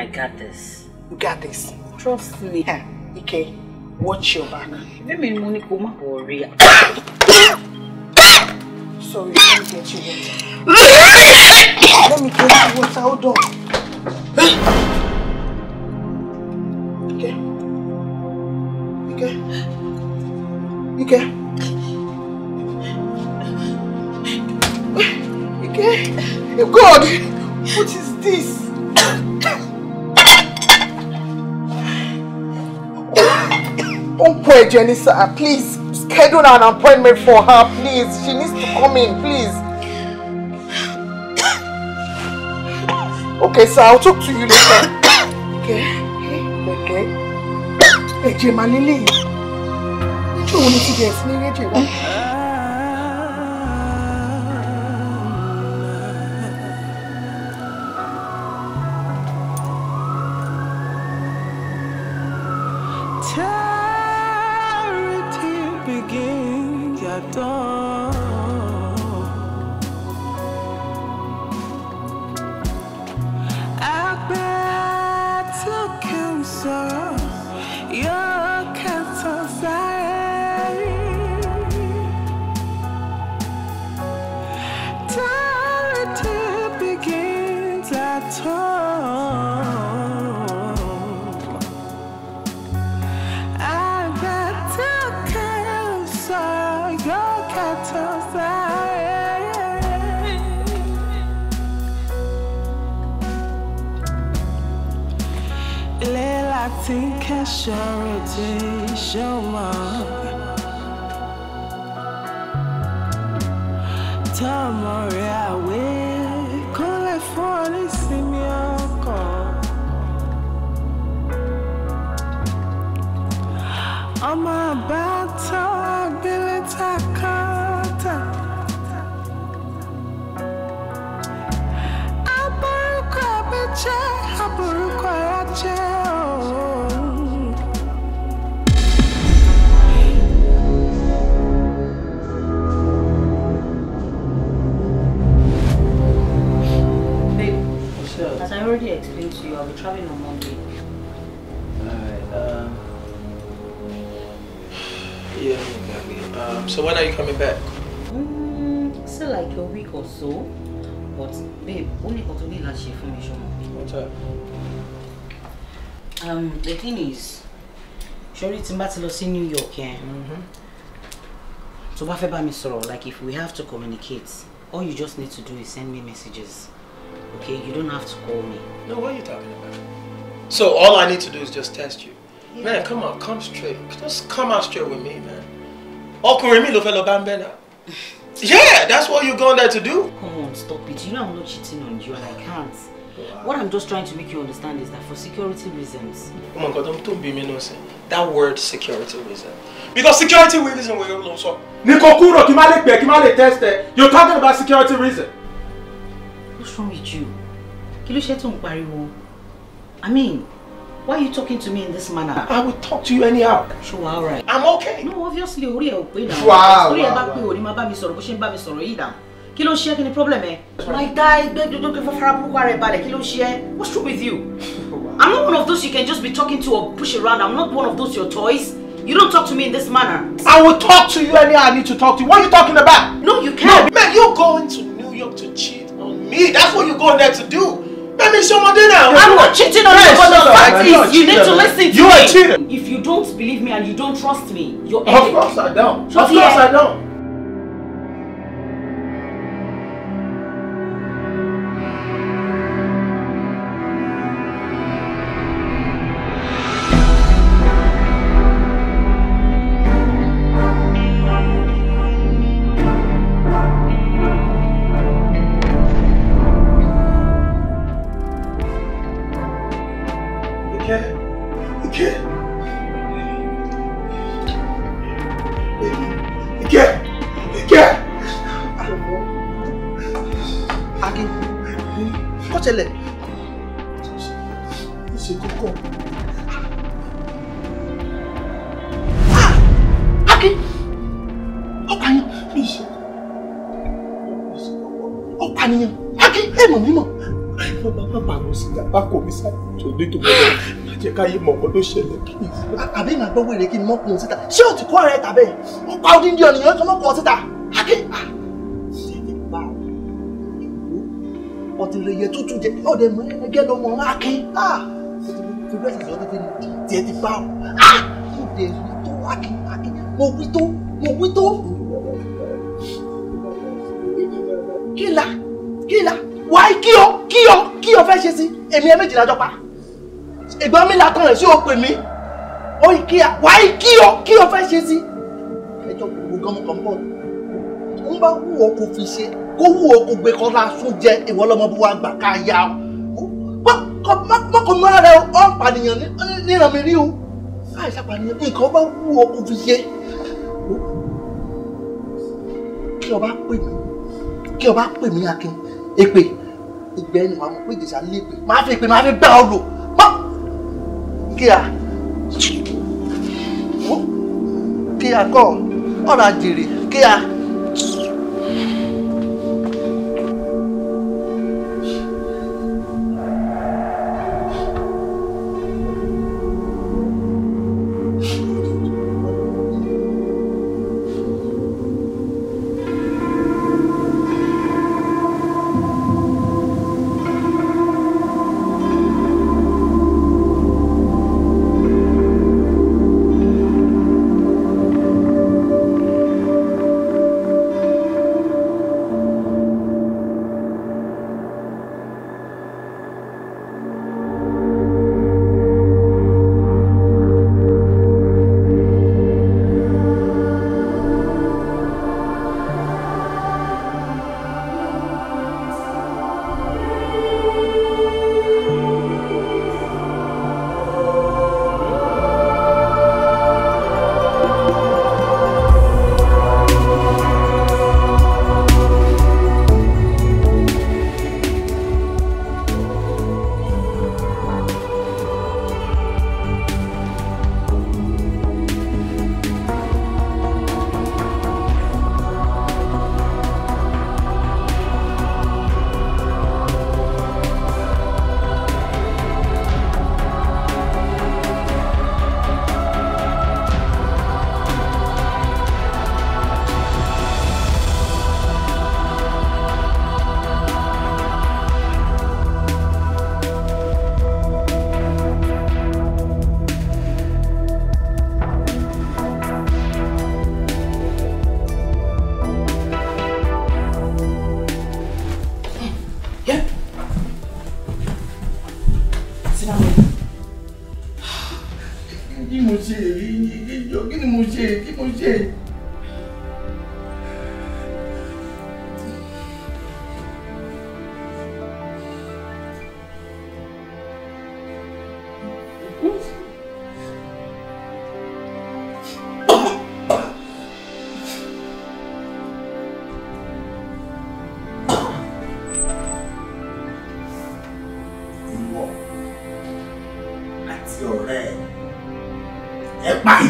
I got this. You got this. Trust me. Huh. Ike, watch your back. Let me money come worry. Sorry, let me get you water. let me get you water. Hold on. Ike. Okay. Okay. Ike. Ike. Oh, God, what is this? poor Jenisa. Please schedule an appointment for her, please. She needs to come in, please. Okay, sir, I'll talk to you later. Okay. Okay. Eje Malili. Ṣé òun ti bẹ̀rẹ̀ sí ní rédíò wá? thing is sori tí n bá ti lọ sí New York yẹn So mm-hmm. bá fẹ́ bá mi sọ̀rọ̀ like if we have to communicate all you just need to do is send me messages okay you don't have to call me. no what are you talking about so all I need to do is just test you yeah. man come on come straight just come out straight with me man ọkùnrin mi ló fẹ́ lọ bá ń bẹ̀ náà. yeah that's what you going there to do. come on stop it you know I'm not cheating on you and I can't. What I'm just trying to make you understand is that for security reasons. Oh my god, I'm too beaming nonsense. That word security reason. Because security reason will go so. Nikokuro kimale pe kimale teste. You're talking about security reason. What's wrong with you? Kilo ló ṣe wo. I mean, why are you talking to me in this manner? I will talk to you anyhow. Sure, all right. I'm okay. No, obviously, orí ẹ ò pé náà. Wow. Orí ẹ bá pé orí má bá mi sọ̀rọ̀ bó ṣe mi sọ̀rọ̀ yìí kí ló ṣe kí ni problem ẹ. my guy gbẹdọdọdọ fara burúkú ara ẹ balẹ̀ kí ló ṣe what's wrong with you. i'm not one of those you can just be talking to or push around i'm not one of those your toys. You don't talk to me in this manner. I will talk to you any I need to talk to you. What are you talking about? No, you can't. No, man, you're going to New York to cheat on me. That's what you're going there to do. Let me show my dinner. I'm not cheating on yes, you, but the fact is, you need to listen to you me. You are cheating. If you don't believe me and you don't trust me, you're Of course I don't. Of course I don't. mọ̀ nǹkan tó ṣẹlẹ̀ please. àbí màá gbọ́ wèrè kí n mọ́kùn síta ṣé o ti kó ara ẹ tàbẹ́ ó pa odindi ọ̀nìyàn kan mọ́kùn síta àkè. ọ̀tẹ̀lẹ̀ yẹ tútù jẹ ọ̀dẹ̀ mọ ẹgẹ́ lọ́mọ máàkì. fi bẹ́ẹ̀ sọ̀rọ̀ tètè ní tiẹ̀ ti bá ọ. mo dẹ̀ wí tó Akin Akin mo wí tó mo wí tó. kí la kí la wàá kí ọ kí ọ kí ọ fẹ́ ṣe sí èmi ẹ méjìlá jọ pa ìgbọ́n mi làtàn rẹ̀ sí o pè mí ó yìí kí wá yìí kí o kí o fẹ́ ṣe sí. ẹjọ́ gbogbo gánmọ́gánmọ́ ń bá wù ọ́ kò fi ṣe kó wù ọ́ kò gbé kọ́lá sún jẹ ìwọ lọ́mọ bí wàá gbà ká yá o. mọ́kàn mọ́ra rẹ ọ́ ń pànìyàn níran mi rí o àìsàn pànìyàn nǹkan bá wù ọ́ kò fi ṣe. kí o bá pè mí kí o bá pè mí akin èpè ìgbẹ́ni wàá mọ̀ pé ìjẹ̀sà lè pè máa fi pè máa fi gbá ọ lò kíá kíá kọ́ ọ̀rọ̀ àjèrè kíá.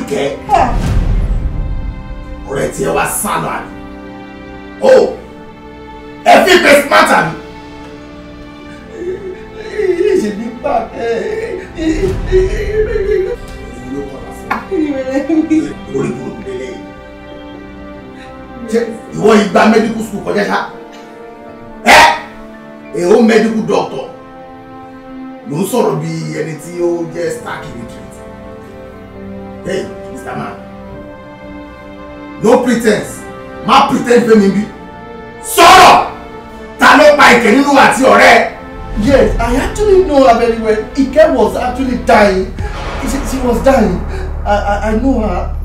Àríkẹ́ ọ̀rẹ́ tiẹ̀ wá sálọ àná o ẹ fi pe smart àná. ìṣe ní pa orí burúkú lélẹ̀ ìwọ ìgbà medical school kọjá ṣá ẹ èho medical doctor ló ń sọ̀rọ̀ bí ẹni tí ó jẹ́ star kìrìkì. Hey, Mr. Man. No pretense. Ma pretend for mi bí. Sọ̀rọ̀! Ta ló pa Ike nínú àti ọ̀rẹ́? Yes, I actually know her very well. Ike was actually dying. She, she was dying. I, I, I know her.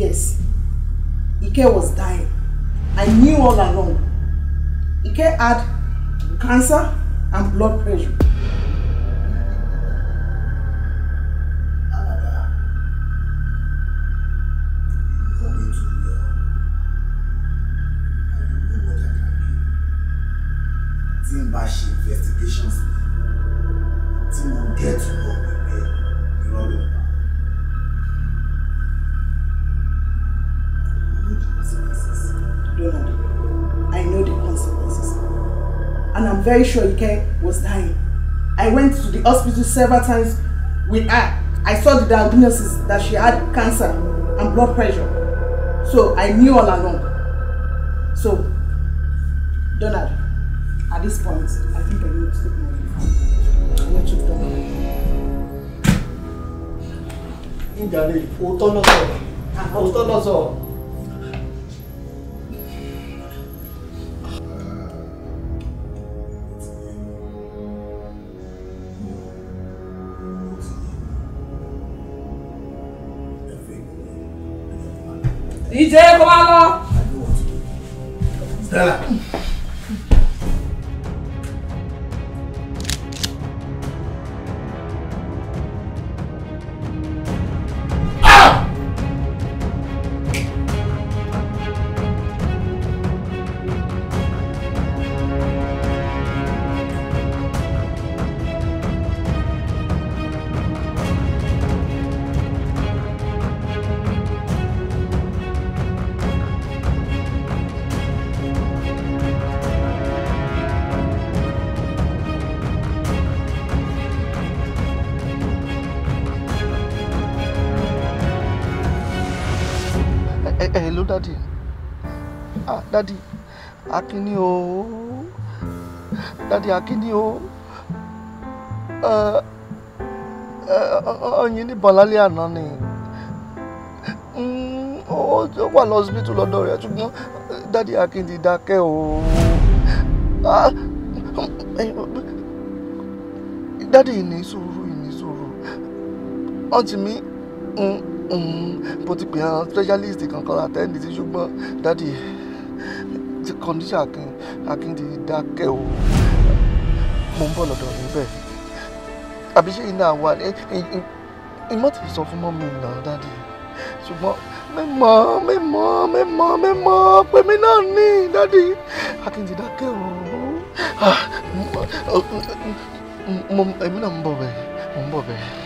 Yes, Ike was dying. I knew all along. Ike had cancer and blood pressure. tí n bá ṣe investigations tí mo get to very sure Ike was dying. I went to the hospital several times with her. I saw the diagnosis that she had cancer and blood pressure. So I knew all along. So, Donald, at this point, I think I need to take my leave. I let you down. off. We'll turn Òótọ́ lọ́sọ̀ọ́. ìjẹ́ kó wá lọ. Stella. Dadi, ah dádì akínní o dádì akínní o eh, eh, ọyìn níbọn lálẹ́ àná ni hmm, ó wà lọ́sibítù lọ́dọ̀ rẹ̀ ṣùgbọ́n eh, dádì akínní dákẹ́ o ah, dádì ìní sùúrù ìní sùúrù ọ̀ntì mi. Mm, mm. Hmm mo ti pè àwọn specialist kankan àtẹ́ǹdì sí ṣùgbọ́n dáàdi ti condition akin akin ti dákẹ́ o mo ń bọ̀ lọ́dọ̀ yín bẹ́ẹ̀ àbí ṣé iná wà ní ìmọ̀ tí sọ fún mọ́mí náà dáàdi ṣùgbọ́n mímọ́ mímọ́ mímọ́ mímọ́ pé mi náà ní dáàdi akin ti dákẹ́ o èmi náà ń bọ̀ bẹ́ẹ̀ ń bọ̀ bẹ́ẹ̀.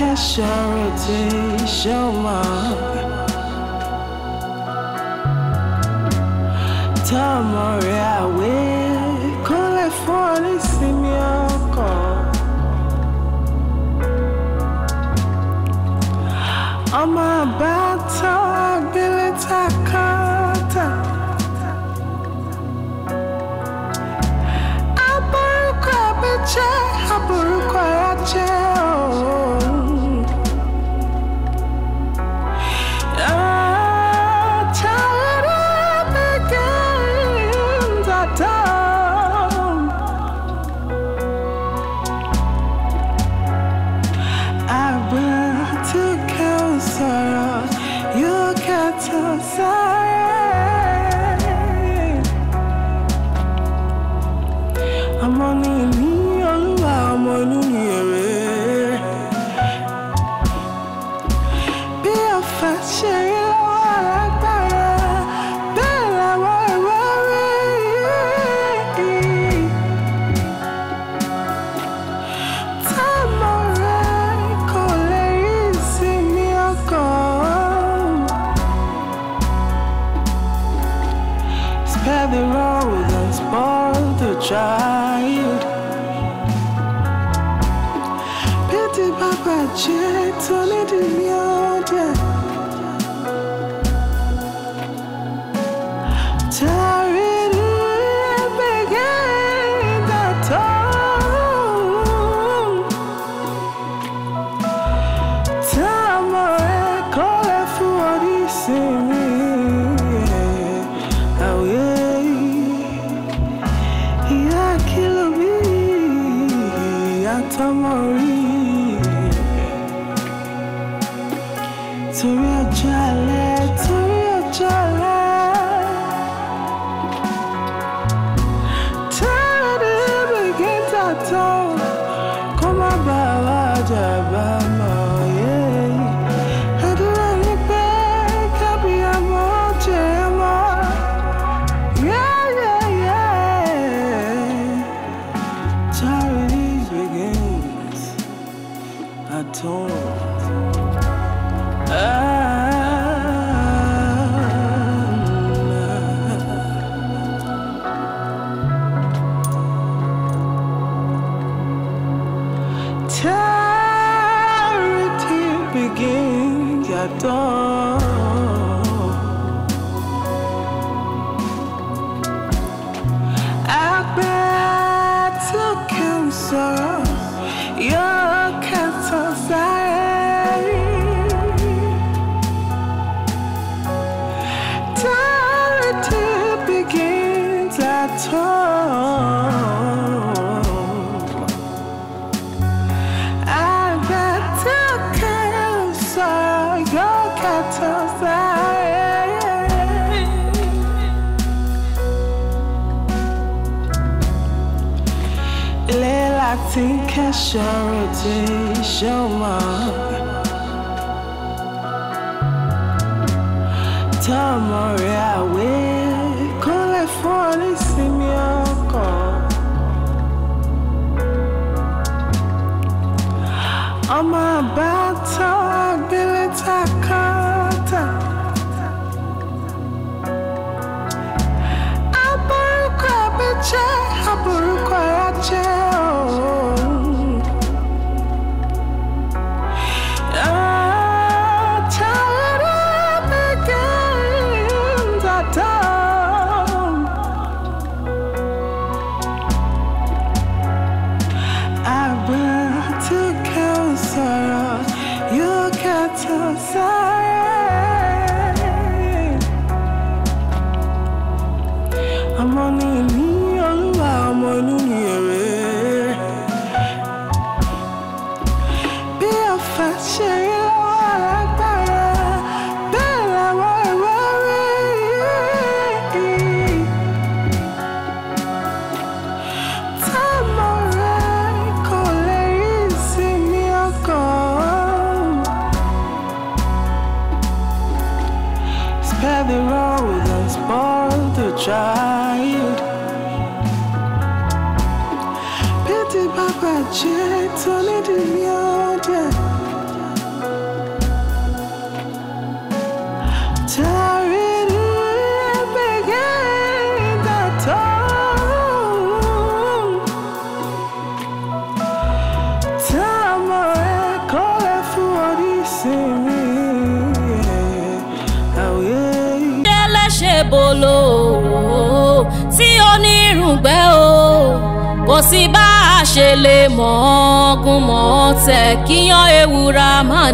cash out rotation mark. Tomorrow we call it for this in your call. On my back.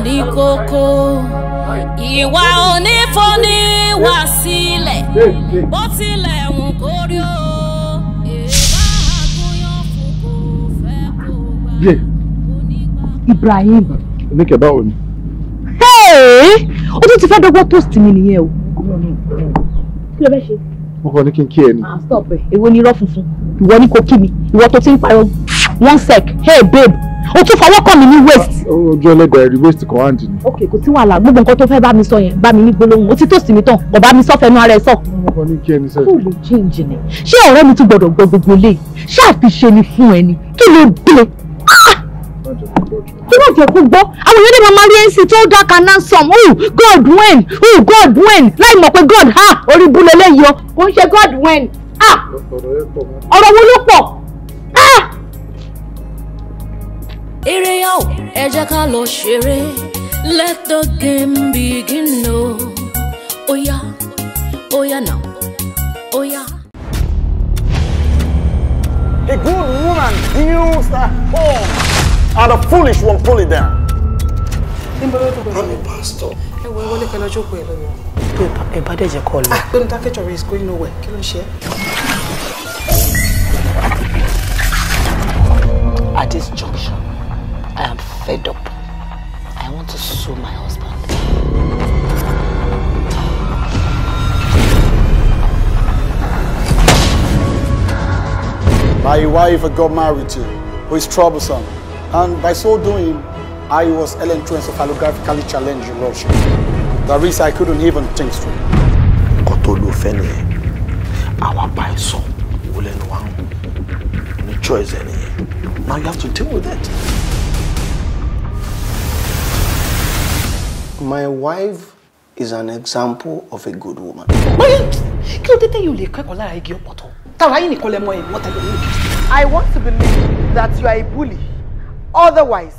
ní kókó ìwà onífọ́ni wà sílẹ̀ bó tilẹ̀ ń kórí o èèbá àgúnyán fòkó fẹ́ kó gbà onígbà. Ibrahim. oníkẹ́ báwo ni. ó tún ti fẹ́ dọ́gbọ́n toast mi nìyẹn o kí ló fẹ́ ṣe. mo kàn ní kí n kí ẹ ni. ah stop ẹ èwo ni irọ́ funfun ìwọ ni kò kí mi ìwọ tó ti ń pariwo one sec hey babe o tún fọwọ́ kàn mí ní west. Ah, ojú ẹlẹgbẹ rí west kan hand ni. ok kò sí wàhálà gbogbo nǹkan tó fẹ́ bá mi sọ yẹn bá mi ní gbólóhùn o ti tó sí mi tán kò bá mi sọ fẹnu ara ẹ sọ. ọmọ ní kí ẹni sẹ́yìn. kúlò jíǹjì ni ṣé ọ̀rẹ́ mi tún gbọ́dọ̀ gbọ́ gbogbo lé ṣáàfiṣe ni fún ẹni kí ló dé. Ah! kí wọ́n jẹ́ kó gbọ́ àwọn èèyàn dé máa rí ẹ̀ńsì tó dá kaná sọ̀m oh god when oh god when láì mọ̀ pé god ha ah, orí búlẹ̀ lẹ́yìn o kò ń ṣe god when ah ọ̀rọ̀ wo ló pọ̀ eré yá o ẹ jẹ́ ká lọ ṣeré let the game begin o oya oya now oya. A good woman builds her home, oh, and a foolish one pull it down. I'm a pastor. Ẹ wọ ìwọlé kan lọ́jọ́ pé ẹ lọ́wọ́. Pé ẹ bá dẹ̀jẹ̀ kọ́ lọ. Ah, pé mi dákẹ́jọ rẹ̀ is going nowhere. Kí ló ń ṣe? At this junction. I am fed up. I want to sue my husband. My wife got married to who is troublesome, and by so doing, I was electroencephalographically challenged, Your Lordship. The reason I couldn't even think straight. Kotolu Fenye, our baiso, Wulen Wangu. No choice any. Now you have to deal with it. My wife is an example of a good woman. Kí ló dé tẹ́yìn ò lè kẹ́kọ̀ọ́ lára igi ọ̀pọ̀tọ́? Tàwa yìí nìkan lẹ mọ èèyàn tẹ̀lé mi. I want to believe that you are a bully. Otherwise,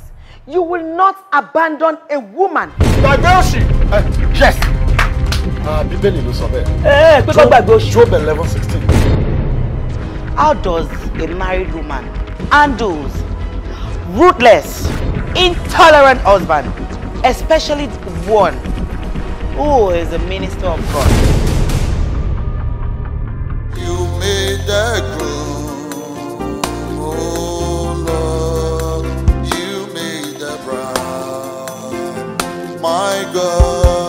you will not abandon a woman. Gbàgbé òsì. Eh, yes. Ah, Bíbélì ló sọ bẹ́ẹ̀. Ẹ eh, ẹ eh, pé kó gbàgbé òsì. Job eleven sixteen. How does a married woman handle ruthless, intolerant husband? especially one who is a minister of God. You made that oh my God.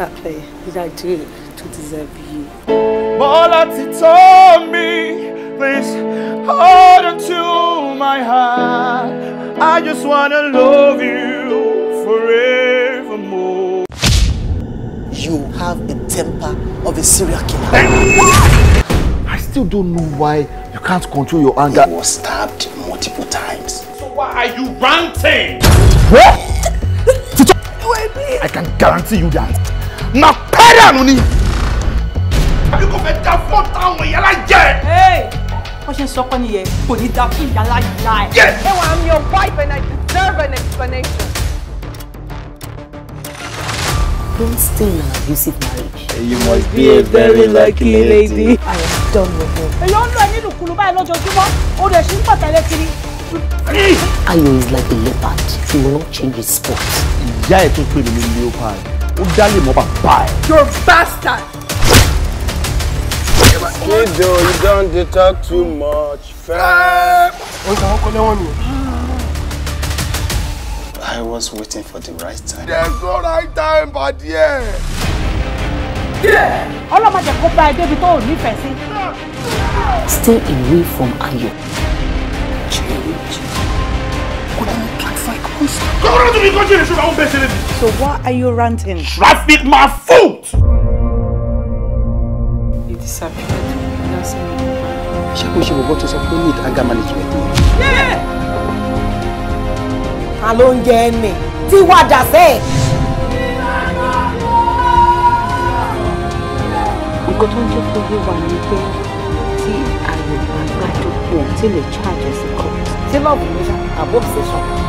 Exactly. What did I do to deserve you? Bola told me, please hold on to my heart. I just wanna love you forevermore. You have the temper of a serial killer. I still don't know why you can't control your anger. You were stabbed multiple times. So why are you ranting? What? Wait, please. I can guarantee you that. na pẹ́rẹ́nù ni. àbí kò fẹ́ da fún táwọn ìyálà jẹ. wọ́n ṣe ń sọ kọ́ni yẹn kò ní da fún ìyálà ìyá ẹ̀. ẹwà I'm your wife and I deserve an explanation. Don't stay in an abusive marriage. You must be a very lucky lady. I am done with him. Èyí ó ń lọ nínú kùlù báyìí lójoojúmọ́, o lè ṣí ń pọ̀tẹ́lẹ̀ kiri. Ayo is like a leopard. He will not change his spots. Yeah, ẹ̀ tó pè mí ní leopard ó dálé mọ́ bàbá ẹ̀. you bastard. Kido, you don dey talk too much. Wọ́n ṣe àwọn kọ́lé wọn nìyẹn. I was waiting for the right time. There's no right time, but eh? yeah. Ọlọ́mọdé kó bá ẹ débi tó ò nífẹ̀ẹ́ sí. Stay away from Ayo. Change. Kò dáná kí. Kọ́kọ́rọ́ tún mi kọ́jú èso àwọn bẹ́ẹ̀ ṣẹlẹ̀ mi. So why are you ranting? Traffic my foot. You disappeared without saying anything. Ṣé kò ṣe bọ̀bọ̀ tó sọ pé ó need anger management ni? Ta ló See what ẹnì say. wàá dà sẹ́ẹ̀? Nǹkan tó ń jẹ́ pé yé wa ni pé tí ayò àgbájọpọ̀ tí lè charge us. Tí lọ́ọ̀bù mi ṣá àbọ̀ obsession.